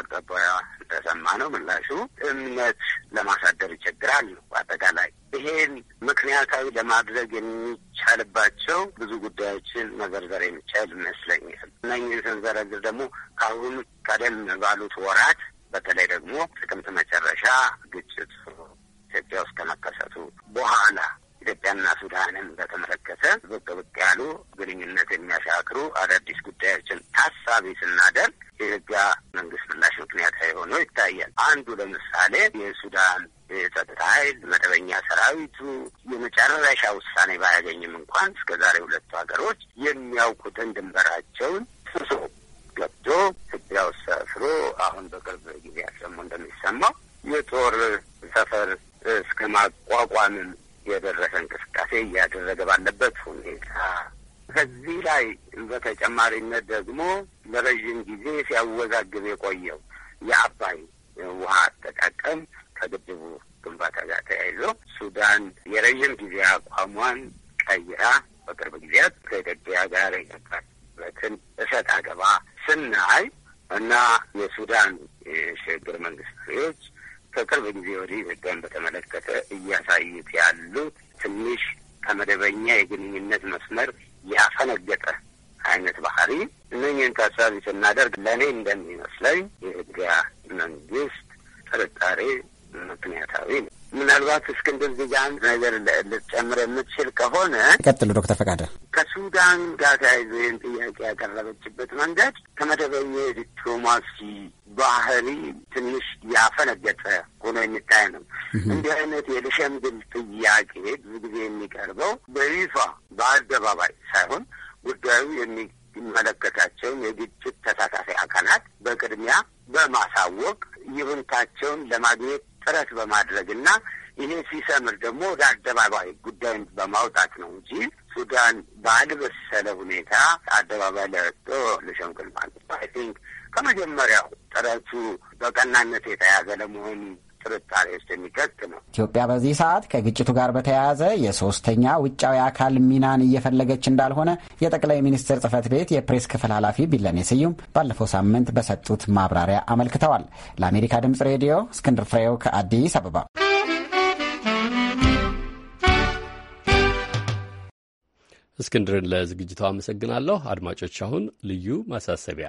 እንደሰማ ነው ምላሹ እምነት ለማሳደር ይቸግራል አጠቃላይ ይሄን ምክንያታዊ ለማድረግ የሚቻልባቸው ብዙ ጉዳዮችን መዘርዘር የሚቻል ይመስለኛል። እነኝህ ስንዘረግር ደግሞ ከአሁኑ ቀደም ባሉት ወራት በተለይ ደግሞ ጥቅምት መጨረሻ ግጭት ኢትዮጵያ ውስጥ ከመከሰቱ በኋላ ኢትዮጵያና ሱዳንን በተመለከተ ብቅ ብቅ ያሉ ግንኙነት የሚያሻክሩ አዳዲስ ጉዳዮችን ታሳቢ ስናደርግ የኢትዮጵያ መንግስት ምላሽ ምክንያታዊ ሆኖ ይታያል። አንዱ ለምሳሌ የሱዳን የጸጥታ ኃይል መደበኛ ሰራዊቱ የመጨረሻ ውሳኔ ባያገኝም እንኳን እስከ ዛሬ ሁለቱ ሀገሮች የሚያውቁትን ድንበራቸውን ስሶ ገብቶ ኢትዮጵያ ውስጥ ሰፍሮ አሁን በቅርብ ጊዜ ያሰሙ እንደሚሰማው የጦር ሰፈር እስከ ማቋቋምም የደረሰ እንቅስቃሴ እያደረገ ባለበት ሁኔታ ከዚህ ላይ በተጨማሪነት ደግሞ ለረዥም ጊዜ ሲያወዛግብ የቆየው የአባይ ውሃ አጠቃቀም ከግድቡ ግንባታ ጋር ተያይዞ ሱዳን የረዥም ጊዜ አቋሟን ቀይራ በቅርብ ጊዜያት ከኢትዮጵያ ጋር የገባበትን እሰጥ አገባ ስናይ እና የሱዳን የሽግግር መንግስት መሪዎች ከቅርብ ጊዜ ወዲህ ኢትዮጵያን በተመለከተ እያሳዩት ያሉት ትንሽ ከመደበኛ የግንኙነት መስመር ያፈነገጠ አይነት ባህሪ እነኝህን ታሳቢ ስናደርግ ለእኔ እንደሚመስለኝ የኢትዮጵያ መንግስት ጥርጣሬ ምክንያታዊ ነው። ምናልባት እስክንድር ዚጋን ነገር ልትጨምር የምትችል ከሆነ ቀጥሉ። ዶክተር ፈቃደ ከሱዳን ጋር ተያይዞ ይህን ጥያቄ ያቀረበችበት መንገድ ከመደበኛ የዲፕሎማሲ ባህሪ ትንሽ ያፈነገጠ ሆኖ የሚታይ ነው። እንዲህ አይነት የልሸምግል ጥያቄ ብዙ ጊዜ የሚቀርበው በይፋ በአደባባይ ሳይሆን ጉዳዩ የሚመለከታቸውን የግጭት ተሳታፊ አካላት በቅድሚያ በማሳወቅ ይሁንታቸውን ለማግኘት ጥረት በማድረግ በማድረግና ይሄ ሲሰምር ደግሞ ወደ አደባባይ ጉዳይን በማውጣት ነው እንጂ ሱዳን ባልበሰለ ሁኔታ አደባባይ ለወጦ ልሸምግል ማለት ነው። አይ ቲንክ ከመጀመሪያው ጥረቱ በቀናነት የተያዘ ለመሆኑ ጥርጣሬ ውስጥ የሚከት ነው። ኢትዮጵያ በዚህ ሰዓት ከግጭቱ ጋር በተያያዘ የሶስተኛ ውጫዊ አካል ሚናን እየፈለገች እንዳልሆነ የጠቅላይ ሚኒስትር ጽህፈት ቤት የፕሬስ ክፍል ኃላፊ ቢለኔ ስዩም ባለፈው ሳምንት በሰጡት ማብራሪያ አመልክተዋል። ለአሜሪካ ድምጽ ሬዲዮ እስክንድር ፍሬው ከአዲስ አበባ። እስክንድርን ለዝግጅቱ አመሰግናለሁ። አድማጮች፣ አሁን ልዩ ማሳሰቢያ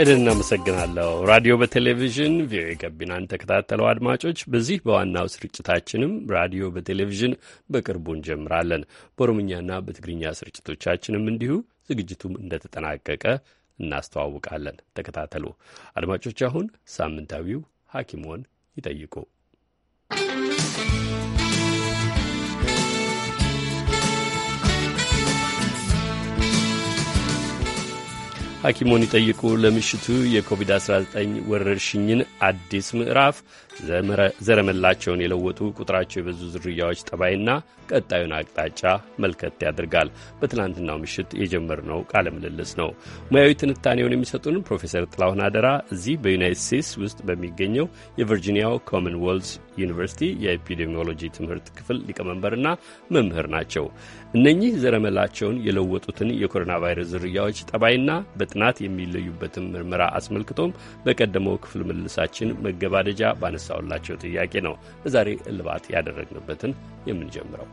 ኤደን እናመሰግናለሁ። ራዲዮ በቴሌቪዥን ቪኦኤ ጋቢናን ተከታተለው አድማጮች፣ በዚህ በዋናው ስርጭታችንም ራዲዮ በቴሌቪዥን በቅርቡ እንጀምራለን። በኦሮምኛና በትግርኛ ስርጭቶቻችንም እንዲሁ ዝግጅቱም እንደተጠናቀቀ እናስተዋውቃለን። ተከታተሉ አድማጮች። አሁን ሳምንታዊው ሐኪሞን ይጠይቁ ሐኪሙን ይጠይቁ ለምሽቱ የኮቪድ-19 ወረርሽኝን አዲስ ምዕራፍ ዘረመላቸውን የለወጡ ቁጥራቸው የበዙ ዝርያዎች ጠባይና ቀጣዩን አቅጣጫ መልከት ያደርጋል። በትናንትናው ምሽት የጀመርነው ቃለ ምልልስ ነው። ሙያዊ ትንታኔውን የሚሰጡን ፕሮፌሰር ጥላሁን አደራ እዚህ በዩናይት ስቴትስ ውስጥ በሚገኘው የቨርጂኒያው ኮመንዌልዝ ዩኒቨርሲቲ የኤፒዴሚዮሎጂ ትምህርት ክፍል ሊቀመንበርና መምህር ናቸው። እነኚህ ዘረመላቸውን የለወጡትን የኮሮና ቫይረስ ዝርያዎች ጠባይና በጥናት የሚለዩበትን ምርመራ አስመልክቶም በቀደመው ክፍል ምልሳችን መገባደጃ ባነሳውላቸው ጥያቄ ነው ለዛሬ እልባት ያደረግንበትን የምንጀምረው።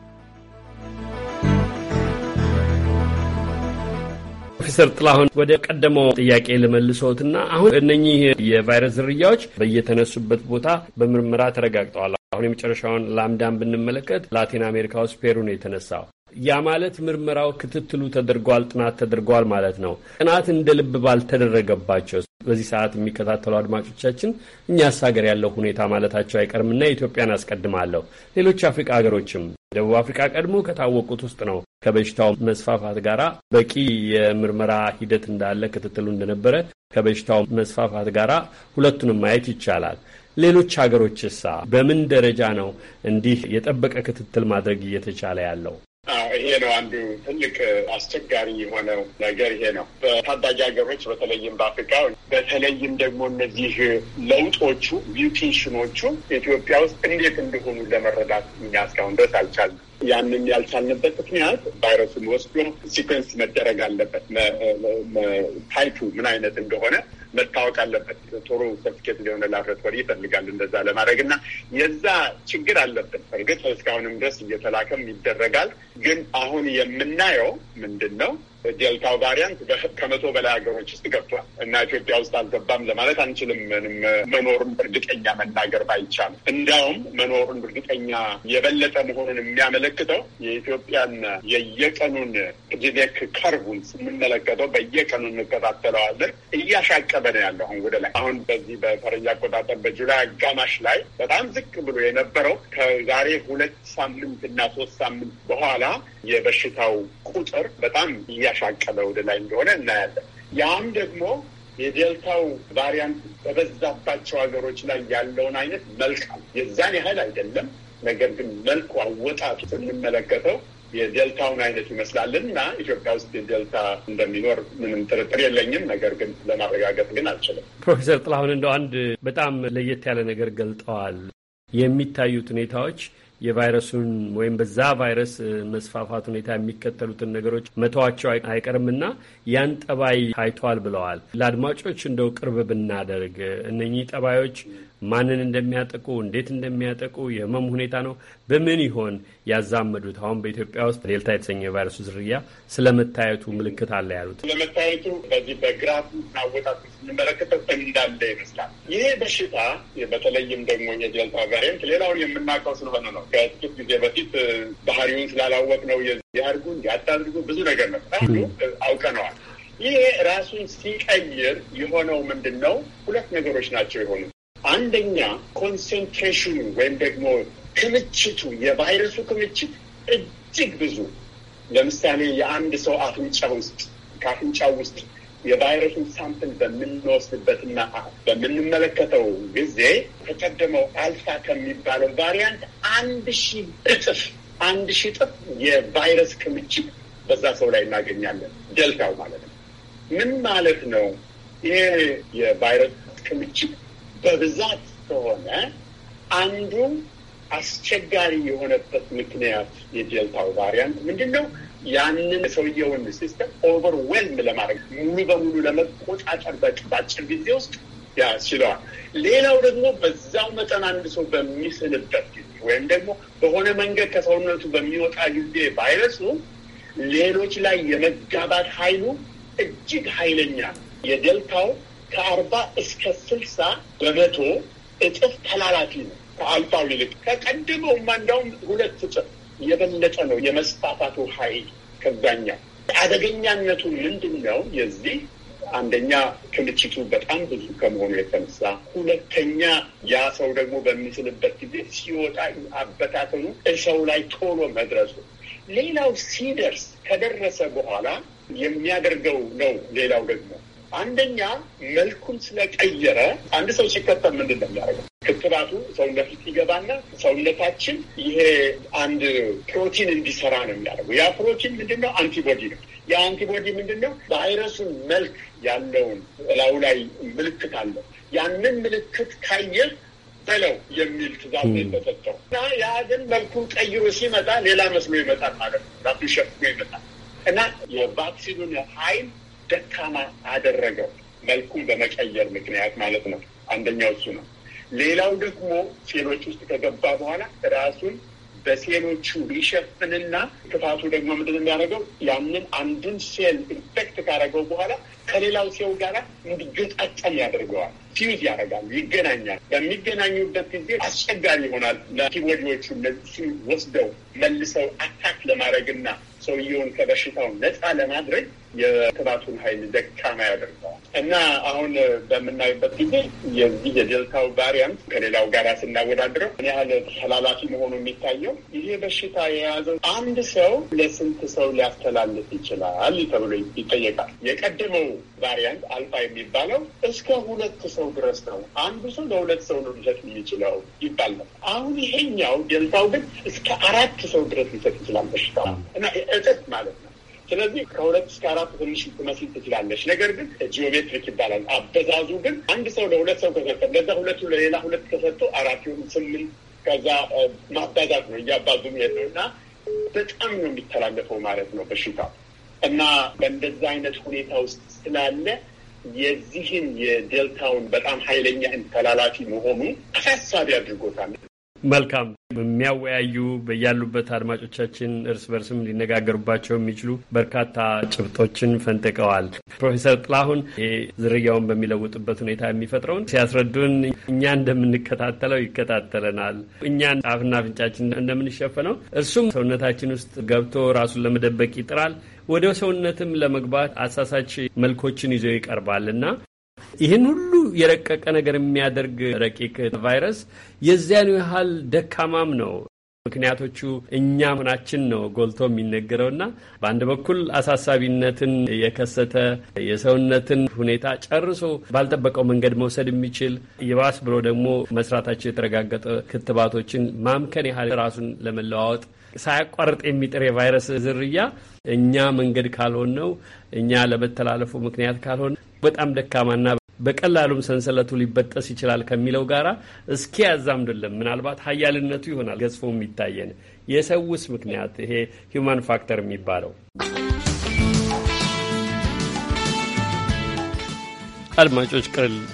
ፕሮፌሰር ጥላሁን ወደ ቀደመው ጥያቄ ልመልሶትና አሁን እነኚህ የቫይረስ ዝርያዎች በየተነሱበት ቦታ በምርመራ ተረጋግጠዋል። አሁን የመጨረሻውን ላምዳን ብንመለከት ላቲን አሜሪካ ውስጥ ፔሩ ነው የተነሳው። ያ ማለት ምርመራው፣ ክትትሉ ተደርጓል፣ ጥናት ተደርጓል ማለት ነው። ጥናት እንደ ልብ ባልተደረገባቸው በዚህ ሰዓት የሚከታተሉ አድማጮቻችን እኛስ ሀገር ያለው ሁኔታ ማለታቸው አይቀርምና ኢትዮጵያን አስቀድማለሁ። ሌሎች አፍሪቃ ሀገሮችም ደቡብ አፍሪካ ቀድሞ ከታወቁት ውስጥ ነው። ከበሽታው መስፋፋት ጋር በቂ የምርመራ ሂደት እንዳለ ክትትሉ እንደነበረ ከበሽታው መስፋፋት ጋር ሁለቱንም ማየት ይቻላል። ሌሎች ሀገሮችሳ በምን ደረጃ ነው እንዲህ የጠበቀ ክትትል ማድረግ እየተቻለ ያለው? አዎ ይሄ ነው አንዱ ትልቅ አስቸጋሪ የሆነው ነገር ይሄ ነው። በታዳጊ ሀገሮች በተለይም በአፍሪካ በተለይም ደግሞ እነዚህ ለውጦቹ ሚውቴሽኖቹ ኢትዮጵያ ውስጥ እንዴት እንደሆኑ ለመረዳት እኛ እስካሁን ድረስ አልቻልንም። ያንን ያልቻልንበት ምክንያት ቫይረሱን ወስዶ ሲኮንስ መደረግ አለበት። ታይፑ ምን አይነት እንደሆነ መታወቅ አለበት። ቶሎ ሰርቲፊኬት የሆነ ላብራቶሪ ይፈልጋል እንደዛ ለማድረግ እና የዛ ችግር አለብን። እርግጥ እስካሁንም ድረስ እየተላከም ይደረጋል። ግን አሁን የምናየው ምንድን ነው ዴልታው ቫሪያንት ከመቶ በላይ ሀገሮች ውስጥ ገብቷል እና ኢትዮጵያ ውስጥ አልገባም ለማለት አንችልም። ምንም መኖሩን እርግጠኛ መናገር ባይቻልም እንዲያውም መኖሩን እርግጠኛ የበለጠ መሆኑን የሚያመለክተው የኢትዮጵያን የየቀኑን ጂኔክ ከርቡን ስንመለከተው በየቀኑ እንከታተለዋለን። እያሻቀበ ነው ያለው አሁን ወደ ላይ አሁን በዚህ በፈረንጅ አቆጣጠር በጁላይ አጋማሽ ላይ በጣም ዝቅ ብሎ የነበረው ከዛሬ ሁለት ሳምንት እና ሶስት ሳምንት በኋላ የበሽታው ቁጥር በጣም እያሻቀበ ወደ ላይ እንደሆነ እናያለን። ያም ደግሞ የዴልታው ቫሪያንት በበዛባቸው ሀገሮች ላይ ያለውን አይነት መልክ የዛን ያህል አይደለም። ነገር ግን መልኩ አወጣቱ ስንመለከተው የዴልታውን አይነት ይመስላል እና ኢትዮጵያ ውስጥ የዴልታ እንደሚኖር ምንም ጥርጥር የለኝም። ነገር ግን ለማረጋገጥ ግን አልችልም። ፕሮፌሰር ጥላሁን እንደው አንድ በጣም ለየት ያለ ነገር ገልጠዋል። የሚታዩት ሁኔታዎች የቫይረሱን ወይም በዛ ቫይረስ መስፋፋት ሁኔታ የሚከተሉትን ነገሮች መተዋቸው አይቀርምና ያን ጠባይ ታይቷል ብለዋል። ለአድማጮች እንደው ቅርብ ብናደርግ እነኚህ ጠባዮች ማንን እንደሚያጠቁ እንዴት እንደሚያጠቁ የህመም ሁኔታ ነው። በምን ይሆን ያዛመዱት? አሁን በኢትዮጵያ ውስጥ ዴልታ የተሰኘ የቫይረሱ ዝርያ ስለመታየቱ ምልክት አለ ያሉት ስለመታየቱ በዚህ በግራፍ አወጣት ስንመለከተው እንዳለ ይመስላል። ይሄ በሽታ በተለይም ደግሞ የዴልታ ቫሪያንት ሌላውን የምናውቀው ስለሆነ ነው። ከጥቂት ጊዜ በፊት ባህሪውን ስላላወቅ ነው ያድርጉ እንዲያታድርጉ ብዙ ነገር ነበር አውቀነዋል። ይሄ ራሱን ሲቀይር የሆነው ምንድን ነው? ሁለት ነገሮች ናቸው የሆኑት። አንደኛ ኮንሰንትሬሽኑ ወይም ደግሞ ክምችቱ የቫይረሱ ክምችት እጅግ ብዙ ለምሳሌ የአንድ ሰው አፍንጫ ውስጥ ከአፍንጫ ውስጥ የቫይረሱን ሳምፕል በምንወስድበትና በምንመለከተው ጊዜ ከቀደመው አልፋ ከሚባለው ቫሪያንት አንድ ሺ እጥፍ አንድ ሺ እጥፍ የቫይረስ ክምችት በዛ ሰው ላይ እናገኛለን። ደልታው ማለት ነው። ምን ማለት ነው? ይሄ የቫይረስ ክምችት በብዛት ከሆነ አንዱ አስቸጋሪ የሆነበት ምክንያት የዴልታው ቫሪያንት ምንድን ነው? ያንን ሰውየውን ሲስተም ኦቨርዌልም ለማድረግ ሙሉ በሙሉ ለመቆጫጨር በጭባጭር ጊዜ ውስጥ ያስችለዋል። ሌላው ደግሞ በዛው መጠን አንድ ሰው በሚስልበት ጊዜ ወይም ደግሞ በሆነ መንገድ ከሰውነቱ በሚወጣ ጊዜ ቫይረሱ ሌሎች ላይ የመጋባት ኃይሉ እጅግ ኃይለኛ ነው። የዴልታው ከአርባ እስከ ስልሳ በመቶ እጥፍ ተላላፊ ነው ከአልፋው ይልቅ ከቀድሞውማ እንዲያውም ሁለት እጥፍ የበለጠ ነው የመስፋፋቱ ኃይል ከዛኛው። አደገኛነቱ ምንድን ነው? የዚህ አንደኛ ክምችቱ በጣም ብዙ ከመሆኑ የተነሳ፣ ሁለተኛ ያ ሰው ደግሞ በሚስልበት ጊዜ ሲወጣ አበታተኑ እሰው ላይ ቶሎ መድረሱ፣ ሌላው ሲደርስ ከደረሰ በኋላ የሚያደርገው ነው። ሌላው ደግሞ አንደኛ መልኩን ስለቀየረ አንድ ሰው ሲከተል ምንድን ነው የሚያደርገው? ክትባቱ ሰውነት ውስጥ ይገባና ሰውነታችን ይሄ አንድ ፕሮቲን እንዲሰራ ነው የሚያደርገው። ያ ፕሮቲን ምንድን ነው? አንቲቦዲ ነው። ያ አንቲቦዲ ምንድን ነው? ቫይረሱን መልክ ያለውን እላዩ ላይ ምልክት አለው። ያንን ምልክት ካየ በለው የሚል ትእዛዝ ነው የተሰጠው እና ያ ግን መልኩን ቀይሮ ሲመጣ ሌላ መስሎ ይመጣል ማለት ነው። ራሱ ሸፍኖ ይመጣል እና የቫክሲኑን ኃይል ደካማ አደረገው። መልኩን በመቀየር ምክንያት ማለት ነው። አንደኛው እሱ ነው። ሌላው ደግሞ ሴሎች ውስጥ ከገባ በኋላ ራሱን በሴሎቹ ሊሸፍንና ክፋቱ ደግሞ ምንድን የሚያደርገው ያንን አንድን ሴል ኢንፌክት ካደረገው በኋላ ከሌላው ሴው ጋር እንዲገጣጠም ያደርገዋል። ፊውዝ ያደርጋል፣ ይገናኛል። በሚገናኙበት ጊዜ አስቸጋሪ ይሆናል ለቲቦዲዎቹ እነዚህ ወስደው መልሰው አታክ ለማድረግና ሰውየውን ከበሽታው ነፃ ለማድረግ የጥራቱን ኃይል ደካማ ያደርገዋል እና አሁን በምናይበት ጊዜ የዚህ የዴልታው ቫሪያንት ከሌላው ጋር ስናወዳድረው ምን ያህል ተላላፊ መሆኑ የሚታየው ይሄ በሽታ የያዘው አንድ ሰው ለስንት ሰው ሊያስተላልፍ ይችላል ተብሎ ይጠየቃል። የቀደመው ቫሪያንት አልፋ የሚባለው እስከ ሁለት ሰው ድረስ ነው። አንዱ ሰው ለሁለት ሰው ነው ሊሰጥ የሚችለው ይባል ነው። አሁን ይሄኛው ዴልታው ግን እስከ አራት ሰው ድረስ ሊሰጥ ይችላል በሽታ እና እጥፍ ማለት ነው። ስለዚህ ከሁለት እስከ አራት ትንሽ ትመስል ትችላለች። ነገር ግን ጂኦሜትሪክ ይባላል። አበዛዙ ግን አንድ ሰው ለሁለት ሰው ከሰጠ ለዛ ሁለቱ ለሌላ ሁለት ከሰጡ አራት ይሁን ስምንት ከዛ ማባዛት ነው እያባዙ ሄድ ነው እና በጣም ነው የሚተላለፈው ማለት ነው በሽታ እና በእንደዛ አይነት ሁኔታ ውስጥ ስላለ የዚህን የዴልታውን በጣም ኃይለኛ ተላላፊ መሆኑ አሳሳቢ አድርጎታል። መልካም የሚያወያዩ በያሉበት አድማጮቻችን እርስ በርስም ሊነጋገሩባቸው የሚችሉ በርካታ ጭብጦችን ፈንጥቀዋል። ፕሮፌሰር ጥላሁን ዝርያውን በሚለውጥበት ሁኔታ የሚፈጥረውን ሲያስረዱን እኛ እንደምንከታተለው ይከታተለናል። እኛን አፍና አፍንጫችን እንደምንሸፈነው እርሱም ሰውነታችን ውስጥ ገብቶ ራሱን ለመደበቅ ይጥራል። ወደ ሰውነትም ለመግባት አሳሳች መልኮችን ይዞ ይቀርባል እና ይህን ሁሉ የረቀቀ ነገር የሚያደርግ ረቂቅ ቫይረስ የዚያኑ ያህል ደካማም ነው። ምክንያቶቹ እኛ መሆናችን ነው ጎልቶ የሚነገረውና በአንድ በኩል አሳሳቢነትን የከሰተ የሰውነትን ሁኔታ ጨርሶ ባልጠበቀው መንገድ መውሰድ የሚችል ይባስ ብሎ ደግሞ መስራታቸው የተረጋገጠ ክትባቶችን ማምከን ያህል ራሱን ለመለዋወጥ ሳያቋርጥ የሚጥር የቫይረስ ዝርያ እኛ መንገድ ካልሆን ነው እኛ ለመተላለፉ ምክንያት ካልሆን በጣም ደካማና በቀላሉም ሰንሰለቱ ሊበጠስ ይችላል ከሚለው ጋራ እስኪ ያዛምድልን። ምናልባት ሀያልነቱ ይሆናል ገጽፎ የሚታየን የሰውስ ምክንያት ይሄ ሂውማን ፋክተር የሚባለው አድማጮች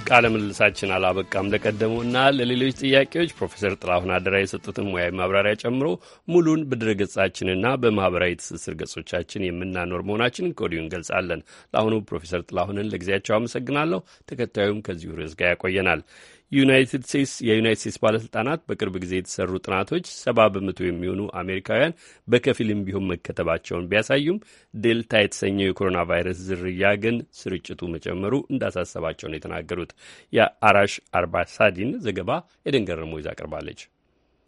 ቃለ ምልልሳችን አላበቃም። ለቀደሙና ለሌሎች ጥያቄዎች ፕሮፌሰር ጥላሁን አደራ የሰጡትን ሙያዊ ማብራሪያ ጨምሮ ሙሉን በድረ ገጻችንና በማህበራዊ ትስስር ገጾቻችን የምናኖር መሆናችንን ከወዲሁ እንገልጻለን። ለአሁኑ ፕሮፌሰር ጥላሁንን ለጊዜያቸው አመሰግናለሁ። ተከታዩም ከዚሁ ርዕስ ጋር ያቆየናል። ዩናይትድ ስቴትስ የዩናይት ስቴትስ ባለስልጣናት በቅርብ ጊዜ የተሰሩ ጥናቶች ሰባ በመቶ የሚሆኑ አሜሪካውያን በከፊልም ቢሆን መከተባቸውን ቢያሳዩም ዴልታ የተሰኘው የኮሮና ቫይረስ ዝርያ ግን ስርጭቱ መጨመሩ እንዳሳሰባቸው ነው የተናገሩት። የአራሽ አርባሳዲን ዘገባ ኤደን ይዛ ቀርባለች።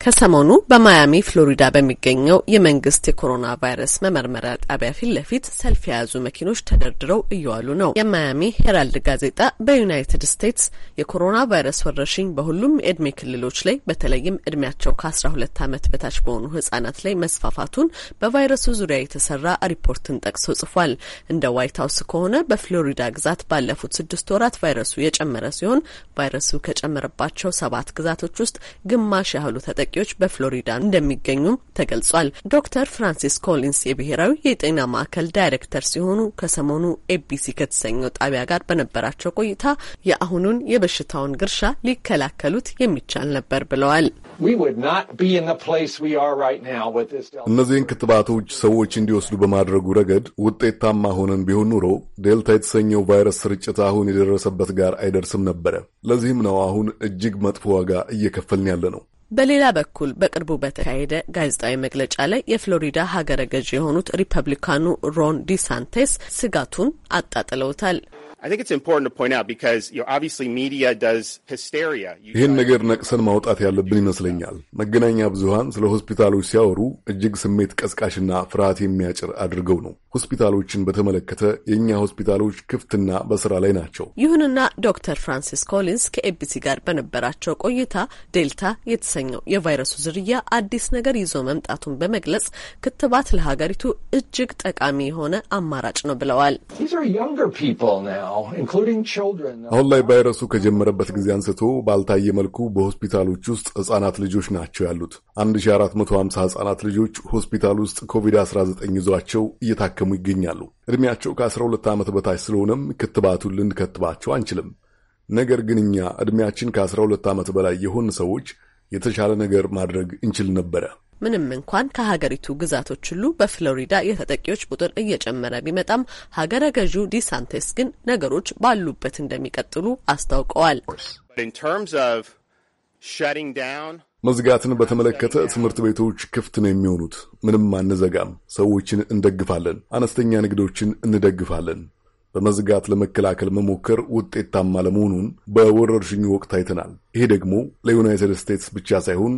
ከሰሞኑ በማያሚ ፍሎሪዳ በሚገኘው የመንግስት የኮሮና ቫይረስ መመርመሪያ ጣቢያ ፊት ለፊት ሰልፍ የያዙ መኪኖች ተደርድረው እየዋሉ ነው። የማያሚ ሄራልድ ጋዜጣ በዩናይትድ ስቴትስ የኮሮና ቫይረስ ወረርሽኝ በሁሉም የእድሜ ክልሎች ላይ በተለይም እድሜያቸው ከአስራ ሁለት ዓመት በታች በሆኑ ህጻናት ላይ መስፋፋቱን በቫይረሱ ዙሪያ የተሰራ ሪፖርትን ጠቅሶ ጽፏል። እንደ ዋይት ሀውስ ከሆነ በፍሎሪዳ ግዛት ባለፉት ስድስት ወራት ቫይረሱ የጨመረ ሲሆን ቫይረሱ ከጨመረባቸው ሰባት ግዛቶች ውስጥ ግማሽ ያህሉ ተጠ ተጠቂዎች በፍሎሪዳ እንደሚገኙም ተገልጿል። ዶክተር ፍራንሲስ ኮሊንስ የብሔራዊ የጤና ማዕከል ዳይሬክተር ሲሆኑ ከሰሞኑ ኤቢሲ ከተሰኘው ጣቢያ ጋር በነበራቸው ቆይታ የአሁኑን የበሽታውን ግርሻ ሊከላከሉት የሚቻል ነበር ብለዋል። እነዚህን ክትባቶች ሰዎች እንዲወስዱ በማድረጉ ረገድ ውጤታማ ሆነን ቢሆን ኑሮ ዴልታ የተሰኘው ቫይረስ ስርጭት አሁን የደረሰበት ጋር አይደርስም ነበረ። ለዚህም ነው አሁን እጅግ መጥፎ ዋጋ እየከፈልን ያለ ነው። በሌላ በኩል በቅርቡ በተካሄደ ጋዜጣዊ መግለጫ ላይ የፍሎሪዳ ሀገረ ገዥ የሆኑት ሪፐብሊካኑ ሮን ዲሳንቴስ ስጋቱን አጣጥለውታል። ይህን ነገር ነቅሰን ማውጣት ያለብን ይመስለኛል። መገናኛ ብዙሃን ስለ ሆስፒታሎች ሲያወሩ እጅግ ስሜት ቀስቃሽና ፍርሃት የሚያጭር አድርገው ነው። ሆስፒታሎችን በተመለከተ የእኛ ሆስፒታሎች ክፍትና በስራ ላይ ናቸው። ይሁንና ዶክተር ፍራንሲስ ኮሊንስ ከኤቢሲ ጋር በነበራቸው ቆይታ ዴልታ የተሰኘው የቫይረሱ ዝርያ አዲስ ነገር ይዞ መምጣቱን በመግለጽ ክትባት ለሀገሪቱ እጅግ ጠቃሚ የሆነ አማራጭ ነው ብለዋል። አሁን ላይ ቫይረሱ ከጀመረበት ጊዜ አንስቶ ባልታየ መልኩ በሆስፒታሎች ውስጥ ህጻናት ልጆች ናቸው ያሉት። 1450 ህጻናት ልጆች ሆስፒታል ውስጥ ኮቪድ-19 ይዟቸው እየታከሙ ይገኛሉ። ዕድሜያቸው ከ12 ዓመት በታች ስለሆነም ክትባቱን ልንከትባቸው አንችልም። ነገር ግን እኛ ዕድሜያችን ከ12 ዓመት በላይ የሆን ሰዎች የተሻለ ነገር ማድረግ እንችል ነበረ። ምንም እንኳን ከሀገሪቱ ግዛቶች ሁሉ በፍሎሪዳ የተጠቂዎች ቁጥር እየጨመረ ቢመጣም ሀገረ ገዢው ዲሳንቴስ ግን ነገሮች ባሉበት እንደሚቀጥሉ አስታውቀዋል። መዝጋትን በተመለከተ ትምህርት ቤቶች ክፍት ነው የሚሆኑት። ምንም አንዘጋም። ሰዎችን እንደግፋለን። አነስተኛ ንግዶችን እንደግፋለን። በመዝጋት ለመከላከል መሞከር ውጤታማ ለመሆኑን በወረርሽኙ ወቅት አይተናል። ይሄ ደግሞ ለዩናይትድ ስቴትስ ብቻ ሳይሆን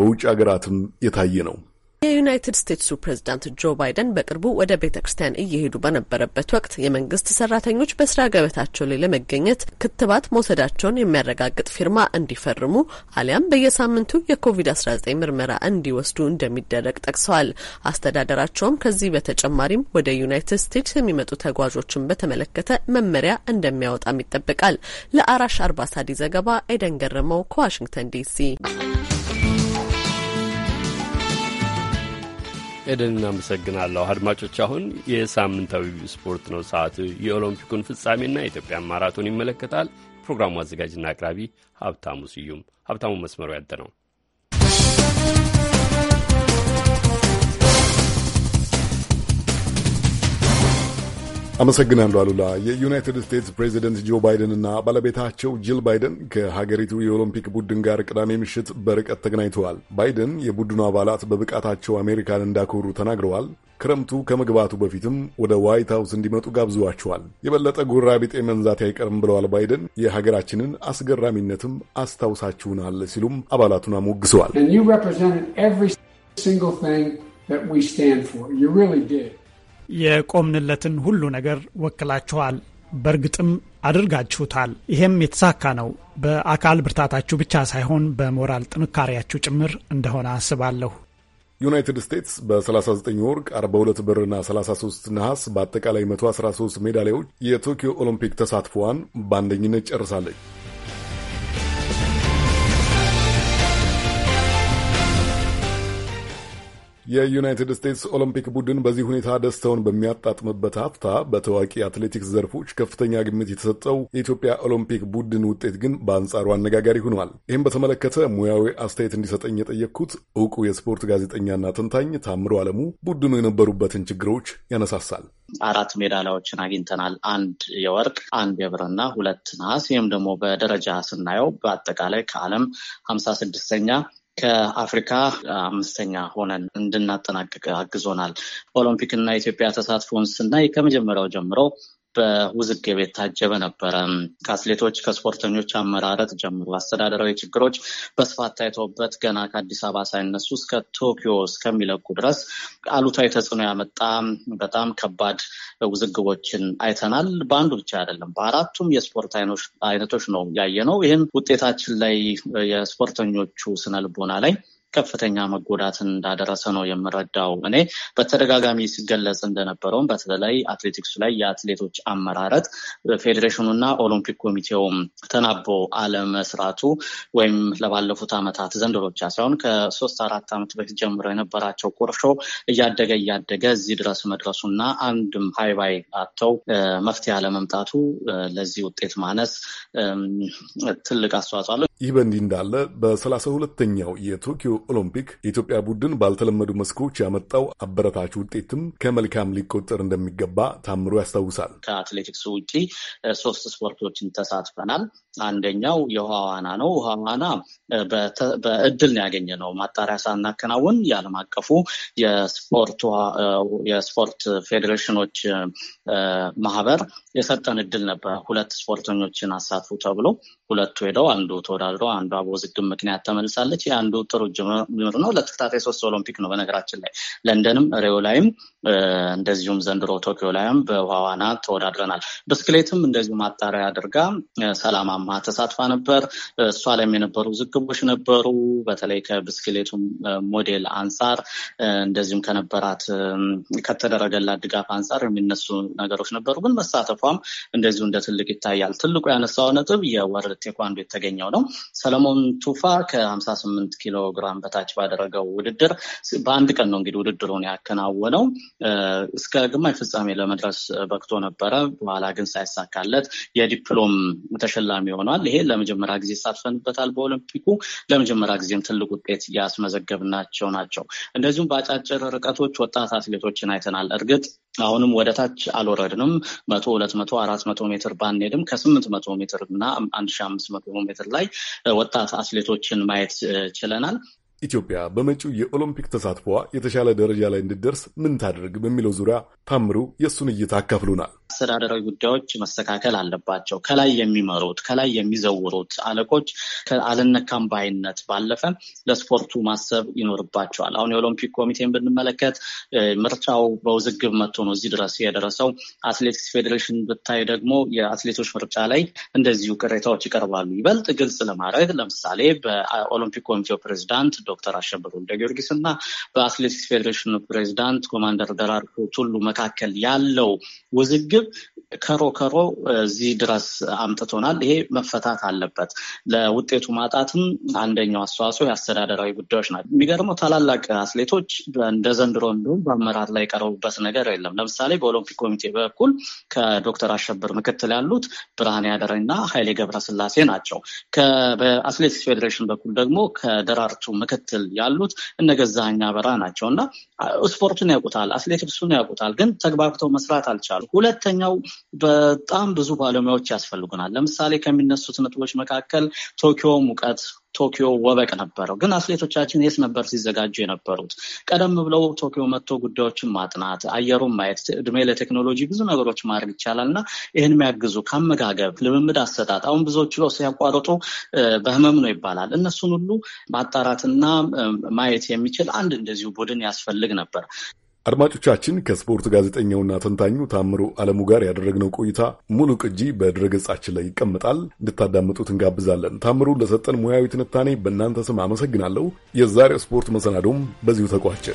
በውጭ ሀገራትም የታየ ነው። የዩናይትድ ስቴትሱ ፕሬዚዳንት ጆ ባይደን በቅርቡ ወደ ቤተ ክርስቲያን እየሄዱ በነበረበት ወቅት የመንግስት ሰራተኞች በስራ ገበታቸው ላይ ለመገኘት ክትባት መውሰዳቸውን የሚያረጋግጥ ፊርማ እንዲፈርሙ አሊያም በየሳምንቱ የኮቪድ-19 ምርመራ እንዲወስዱ እንደሚደረግ ጠቅሰዋል። አስተዳደራቸውም ከዚህ በተጨማሪም ወደ ዩናይትድ ስቴትስ የሚመጡ ተጓዦችን በተመለከተ መመሪያ እንደሚያወጣም ይጠበቃል። ለአራሽ አርባሳዲ ዘገባ ኤደን ገረመው ከዋሽንግተን ዲሲ ኤደን እናመሰግናለሁ። አድማጮች አሁን የሳምንታዊ ስፖርት ነው ሰዓቱ። የኦሎምፒኩን ፍጻሜና የኢትዮጵያን ማራቶን ይመለከታል። ፕሮግራሙ አዘጋጅና አቅራቢ ሀብታሙ ስዩም። ሀብታሙ መስመሩ ያንተ ነው። አመሰግናለሁ አሉላ። የዩናይትድ ስቴትስ ፕሬዚደንት ጆ ባይደን እና ባለቤታቸው ጂል ባይደን ከሀገሪቱ የኦሎምፒክ ቡድን ጋር ቅዳሜ ምሽት በርቀት ተገናኝተዋል። ባይደን የቡድኑ አባላት በብቃታቸው አሜሪካን እንዳኮሩ ተናግረዋል። ክረምቱ ከመግባቱ በፊትም ወደ ዋይት ሀውስ እንዲመጡ ጋብዘዋቸዋል። የበለጠ ጉራቢጤ መንዛት አይቀርም ብለዋል ባይደን። የሀገራችንን አስገራሚነትም አስታውሳችሁናል ሲሉም አባላቱን አሞግሰዋል። የቆምንለትን ሁሉ ነገር ወክላችኋል። በእርግጥም አድርጋችሁታል። ይሄም የተሳካ ነው። በአካል ብርታታችሁ ብቻ ሳይሆን በሞራል ጥንካሬያችሁ ጭምር እንደሆነ አስባለሁ። ዩናይትድ ስቴትስ በ39 ወርቅ 42 ብርና 33 ነሐስ በአጠቃላይ 113 ሜዳሊያዎች የቶኪዮ ኦሎምፒክ ተሳትፎዋን በአንደኝነት ጨርሳለች። የዩናይትድ ስቴትስ ኦሎምፒክ ቡድን በዚህ ሁኔታ ደስታውን በሚያጣጥምበት ሀብታ በታዋቂ አትሌቲክስ ዘርፎች ከፍተኛ ግምት የተሰጠው የኢትዮጵያ ኦሎምፒክ ቡድን ውጤት ግን በአንጻሩ አነጋጋሪ ሆኗል። ይህም በተመለከተ ሙያዊ አስተያየት እንዲሰጠኝ የጠየቅኩት እውቁ የስፖርት ጋዜጠኛና ተንታኝ ታምሮ አለሙ ቡድኑ የነበሩበትን ችግሮች ያነሳሳል። አራት ሜዳሊያዎችን አግኝተናል። አንድ የወርቅ፣ አንድ የብርና ሁለት ነሐስ። ይህም ደግሞ በደረጃ ስናየው በአጠቃላይ ከዓለም ሀምሳ ስድስተኛ ከአፍሪካ አምስተኛ ሆነን እንድናጠናቅቅ አግዞናል። ኦሎምፒክና ኢትዮጵያ ተሳትፎን ስናይ ከመጀመሪያው ጀምሮ በውዝግብ የታጀበ ነበረ። ከአትሌቶች ከስፖርተኞች አመራረት ጀምሮ አስተዳደራዊ ችግሮች በስፋት ታይተውበት ገና ከአዲስ አበባ ሳይነሱ እስከ ቶኪዮ እስከሚለቁ ድረስ አሉታዊ ተጽዕኖ ያመጣ በጣም ከባድ ውዝግቦችን አይተናል። በአንዱ ብቻ አይደለም፣ በአራቱም የስፖርት አይነቶች ነው ያየነው። ይህም ውጤታችን ላይ የስፖርተኞቹ ስነልቦና ላይ ከፍተኛ መጎዳትን እንዳደረሰ ነው የምረዳው። እኔ በተደጋጋሚ ሲገለጽ እንደነበረውም በተለይ አትሌቲክሱ ላይ የአትሌቶች አመራረጥ ፌዴሬሽኑና ኦሎምፒክ ኮሚቴውም ተናቦ አለመስራቱ ወይም ለባለፉት ዓመታት ዘንድሮ ብቻ ሳይሆን ከሶስት አራት ዓመት በፊት ጀምሮ የነበራቸው ቁርሾ እያደገ እያደገ እዚህ ድረስ መድረሱና አንድም ሀይባይ አተው መፍትሄ አለመምጣቱ ለዚህ ውጤት ማነስ ትልቅ አስተዋጽኦ አለው። ይህ በእንዲህ እንዳለ በሰላሳ ሁለተኛው የቶኪዮ ኦሎምፒክ የኢትዮጵያ ቡድን ባልተለመዱ መስኮች ያመጣው አበረታች ውጤትም ከመልካም ሊቆጠር እንደሚገባ ታምሮ ያስታውሳል። ከአትሌቲክስ ውጪ ሶስት ስፖርቶችን ተሳትፈናል። አንደኛው የውሃ ዋና ነው። ውሃ ዋና በእድል ነው ያገኘ ነው። ማጣሪያ ሳናከናውን የዓለም አቀፉ የስፖርት ፌዴሬሽኖች ማህበር የሰጠን እድል ነበር። ሁለት ስፖርተኞችን አሳትፉ ተብሎ ሁለቱ ሄደው አንዱ ተወዳድሮ አንዷ በውዝግብ ምክንያት ተመልሳለች። የአንዱ ጥሩ ጅምር የሚመጡ ነው። ለተከታታይ ሶስት ኦሎምፒክ ነው በነገራችን ላይ ለንደንም፣ ሪዮ ላይም እንደዚሁም ዘንድሮ ቶኪዮ ላይም በውሃ ዋና ተወዳድረናል። ብስክሌትም እንደዚሁ ማጣሪያ አድርጋ ሰላማማ ተሳትፋ ነበር። እሷ ላይም የነበሩ ዝግቦች ነበሩ። በተለይ ከብስክሌቱ ሞዴል አንጻር እንደዚሁም ከነበራት ከተደረገላት ድጋፍ አንጻር የሚነሱ ነገሮች ነበሩ። ግን መሳተፏም እንደዚሁ እንደ ትልቅ ይታያል። ትልቁ ያነሳው ነጥብ የወርልድ ቴኳንዶ የተገኘው ነው። ሰለሞን ቱፋ ከ58 ኪሎ ግራም በታች ባደረገው ውድድር በአንድ ቀን ነው እንግዲህ ውድድሩን ያከናወነው። እስከ ግማሽ ፍጻሜ ለመድረስ በቅቶ ነበረ። በኋላ ግን ሳይሳካለት የዲፕሎም ተሸላሚ ሆኗል። ይሄ ለመጀመሪያ ጊዜ ይሳትፈንበታል። በኦሎምፒኩ ለመጀመሪያ ጊዜም ትልቅ ውጤት ያስመዘገብናቸው ናቸው። እንደዚሁም በአጫጭር ርቀቶች ወጣት አትሌቶችን አይተናል። እርግጥ አሁንም ወደ ታች አልወረድንም። መቶ ሁለት መቶ አራት መቶ ሜትር ባንሄድም ከስምንት መቶ ሜትር እና አንድ ሺ አምስት መቶ ሜትር ላይ ወጣት አትሌቶችን ማየት ችለናል። ኢትዮጵያ በመጪው የኦሎምፒክ ተሳትፏ የተሻለ ደረጃ ላይ እንድደርስ ምን ታደርግ በሚለው ዙሪያ ታምሩ የእሱን እይታ አካፍሉናል። አስተዳደራዊ ጉዳዮች መስተካከል አለባቸው። ከላይ የሚመሩት ከላይ የሚዘውሩት አለቆች ከአልነካም ባይነት ባለፈ ለስፖርቱ ማሰብ ይኖርባቸዋል። አሁን የኦሎምፒክ ኮሚቴን ብንመለከት ምርጫው በውዝግብ መጥቶ ነው እዚህ ድረስ የደረሰው። አትሌቲክስ ፌዴሬሽን ብታይ ደግሞ የአትሌቶች ምርጫ ላይ እንደዚሁ ቅሬታዎች ይቀርባሉ። ይበልጥ ግልጽ ለማድረግ ለምሳሌ በኦሎምፒክ ኮሚቴው ፕሬዚዳንት ዶክተር አሸብር ወልደ ጊዮርጊስ እና በአትሌቲክስ ፌዴሬሽን ፕሬዚዳንት ኮማንደር ደራርቱ ቱሉ መካከል ያለው ውዝግብ ግድብ ከሮ ከሮ እዚህ ድረስ አምጥቶናል። ይሄ መፈታት አለበት። ለውጤቱ ማጣትም አንደኛው አስተዋጽኦ የአስተዳደራዊ ጉዳዮች ናቸው። የሚገርመው ታላላቅ አትሌቶች እንደ ዘንድሮ እንዲሁም በአመራር ላይ የቀረቡበት ነገር የለም። ለምሳሌ በኦሎምፒክ ኮሚቴ በኩል ከዶክተር አሸብር ምክትል ያሉት ብርሃን አደረና ኃይሌ ገብረስላሴ ናቸው። በአትሌቲክስ ፌዴሬሽን በኩል ደግሞ ከደራርቱ ምክትል ያሉት እነ ገዛኸኝ አበራ ናቸው እና ስፖርቱን ያውቁታል፣ አትሌቲክሱን ያውቁታል። ግን ተግባብተው መስራት አልቻሉ። ሁለተ ሁለተኛው በጣም ብዙ ባለሙያዎች ያስፈልጉናል። ለምሳሌ ከሚነሱት ነጥቦች መካከል ቶኪዮ ሙቀት ቶኪዮ ወበቅ ነበረው። ግን አትሌቶቻችን የት ነበር ሲዘጋጁ የነበሩት? ቀደም ብለው ቶኪዮ መጥቶ ጉዳዮችን ማጥናት፣ አየሩን ማየት፣ እድሜ ለቴክኖሎጂ ብዙ ነገሮች ማድረግ ይቻላል እና ይህን የሚያግዙ ከአመጋገብ ልምምድ አሰጣጥ፣ አሁን ብዙዎች ብለው ሲያቋርጡ በህመም ነው ይባላል። እነሱን ሁሉ ማጣራትና ማየት የሚችል አንድ እንደዚሁ ቡድን ያስፈልግ ነበር። አድማጮቻችን ከስፖርት ጋዜጠኛውና ተንታኙ ታምሮ አለሙ ጋር ያደረግነው ቆይታ ሙሉ ቅጂ በድረገጻችን ላይ ይቀመጣል፣ እንድታዳምጡት እንጋብዛለን። ታምሩ ለሰጠን ሙያዊ ትንታኔ በእናንተ ስም አመሰግናለሁ። የዛሬው ስፖርት መሰናዶም በዚሁ ተቋጨ።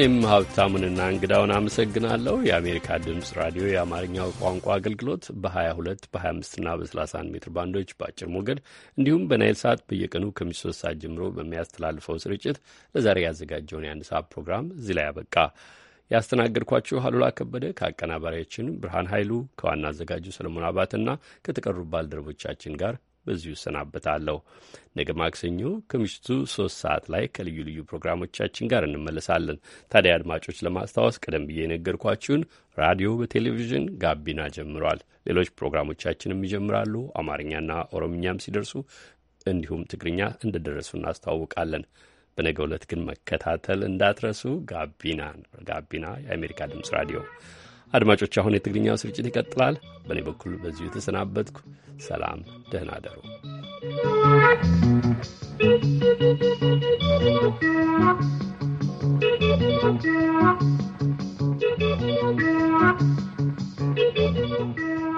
እኔም ሀብታሙንና እንግዳውን አመሰግናለሁ። የአሜሪካ ድምፅ ራዲዮ የአማርኛው ቋንቋ አገልግሎት በ22 በ25ና በ31 ሜትር ባንዶች በአጭር ሞገድ እንዲሁም በናይል ሰዓት በየቀኑ ከምሽቱ ሶስት ሰዓት ጀምሮ በሚያስተላልፈው ስርጭት ለዛሬ ያዘጋጀውን የአንድ ሰዓት ፕሮግራም እዚህ ላይ ያበቃ። ያስተናገድኳችሁ አሉላ ከበደ ከአቀናባሪያችን ብርሃን ኃይሉ ከዋና አዘጋጁ ሰለሞን አባትና ከተቀሩ ባልደረቦቻችን ጋር በዚሁ እሰናበታለሁ። ነገ ማክሰኞ ከምሽቱ ሶስት ሰዓት ላይ ከልዩ ልዩ ፕሮግራሞቻችን ጋር እንመለሳለን። ታዲያ አድማጮች፣ ለማስታወስ ቀደም ብዬ የነገርኳችሁን ራዲዮ በቴሌቪዥን ጋቢና ጀምሯል። ሌሎች ፕሮግራሞቻችንም ይጀምራሉ። አማርኛና ኦሮምኛም ሲደርሱ እንዲሁም ትግርኛ እንደደረሱ እናስተዋውቃለን። በነገ ዕለት ግን መከታተል እንዳትረሱ። ጋቢና ጋቢና የአሜሪካ ድምፅ ራዲዮ አድማጮች፣ አሁን የትግርኛው ስርጭት ይቀጥላል። በእኔ በኩል በዚሁ የተሰናበትኩ፣ ሰላም፣ ደህና አደሩ።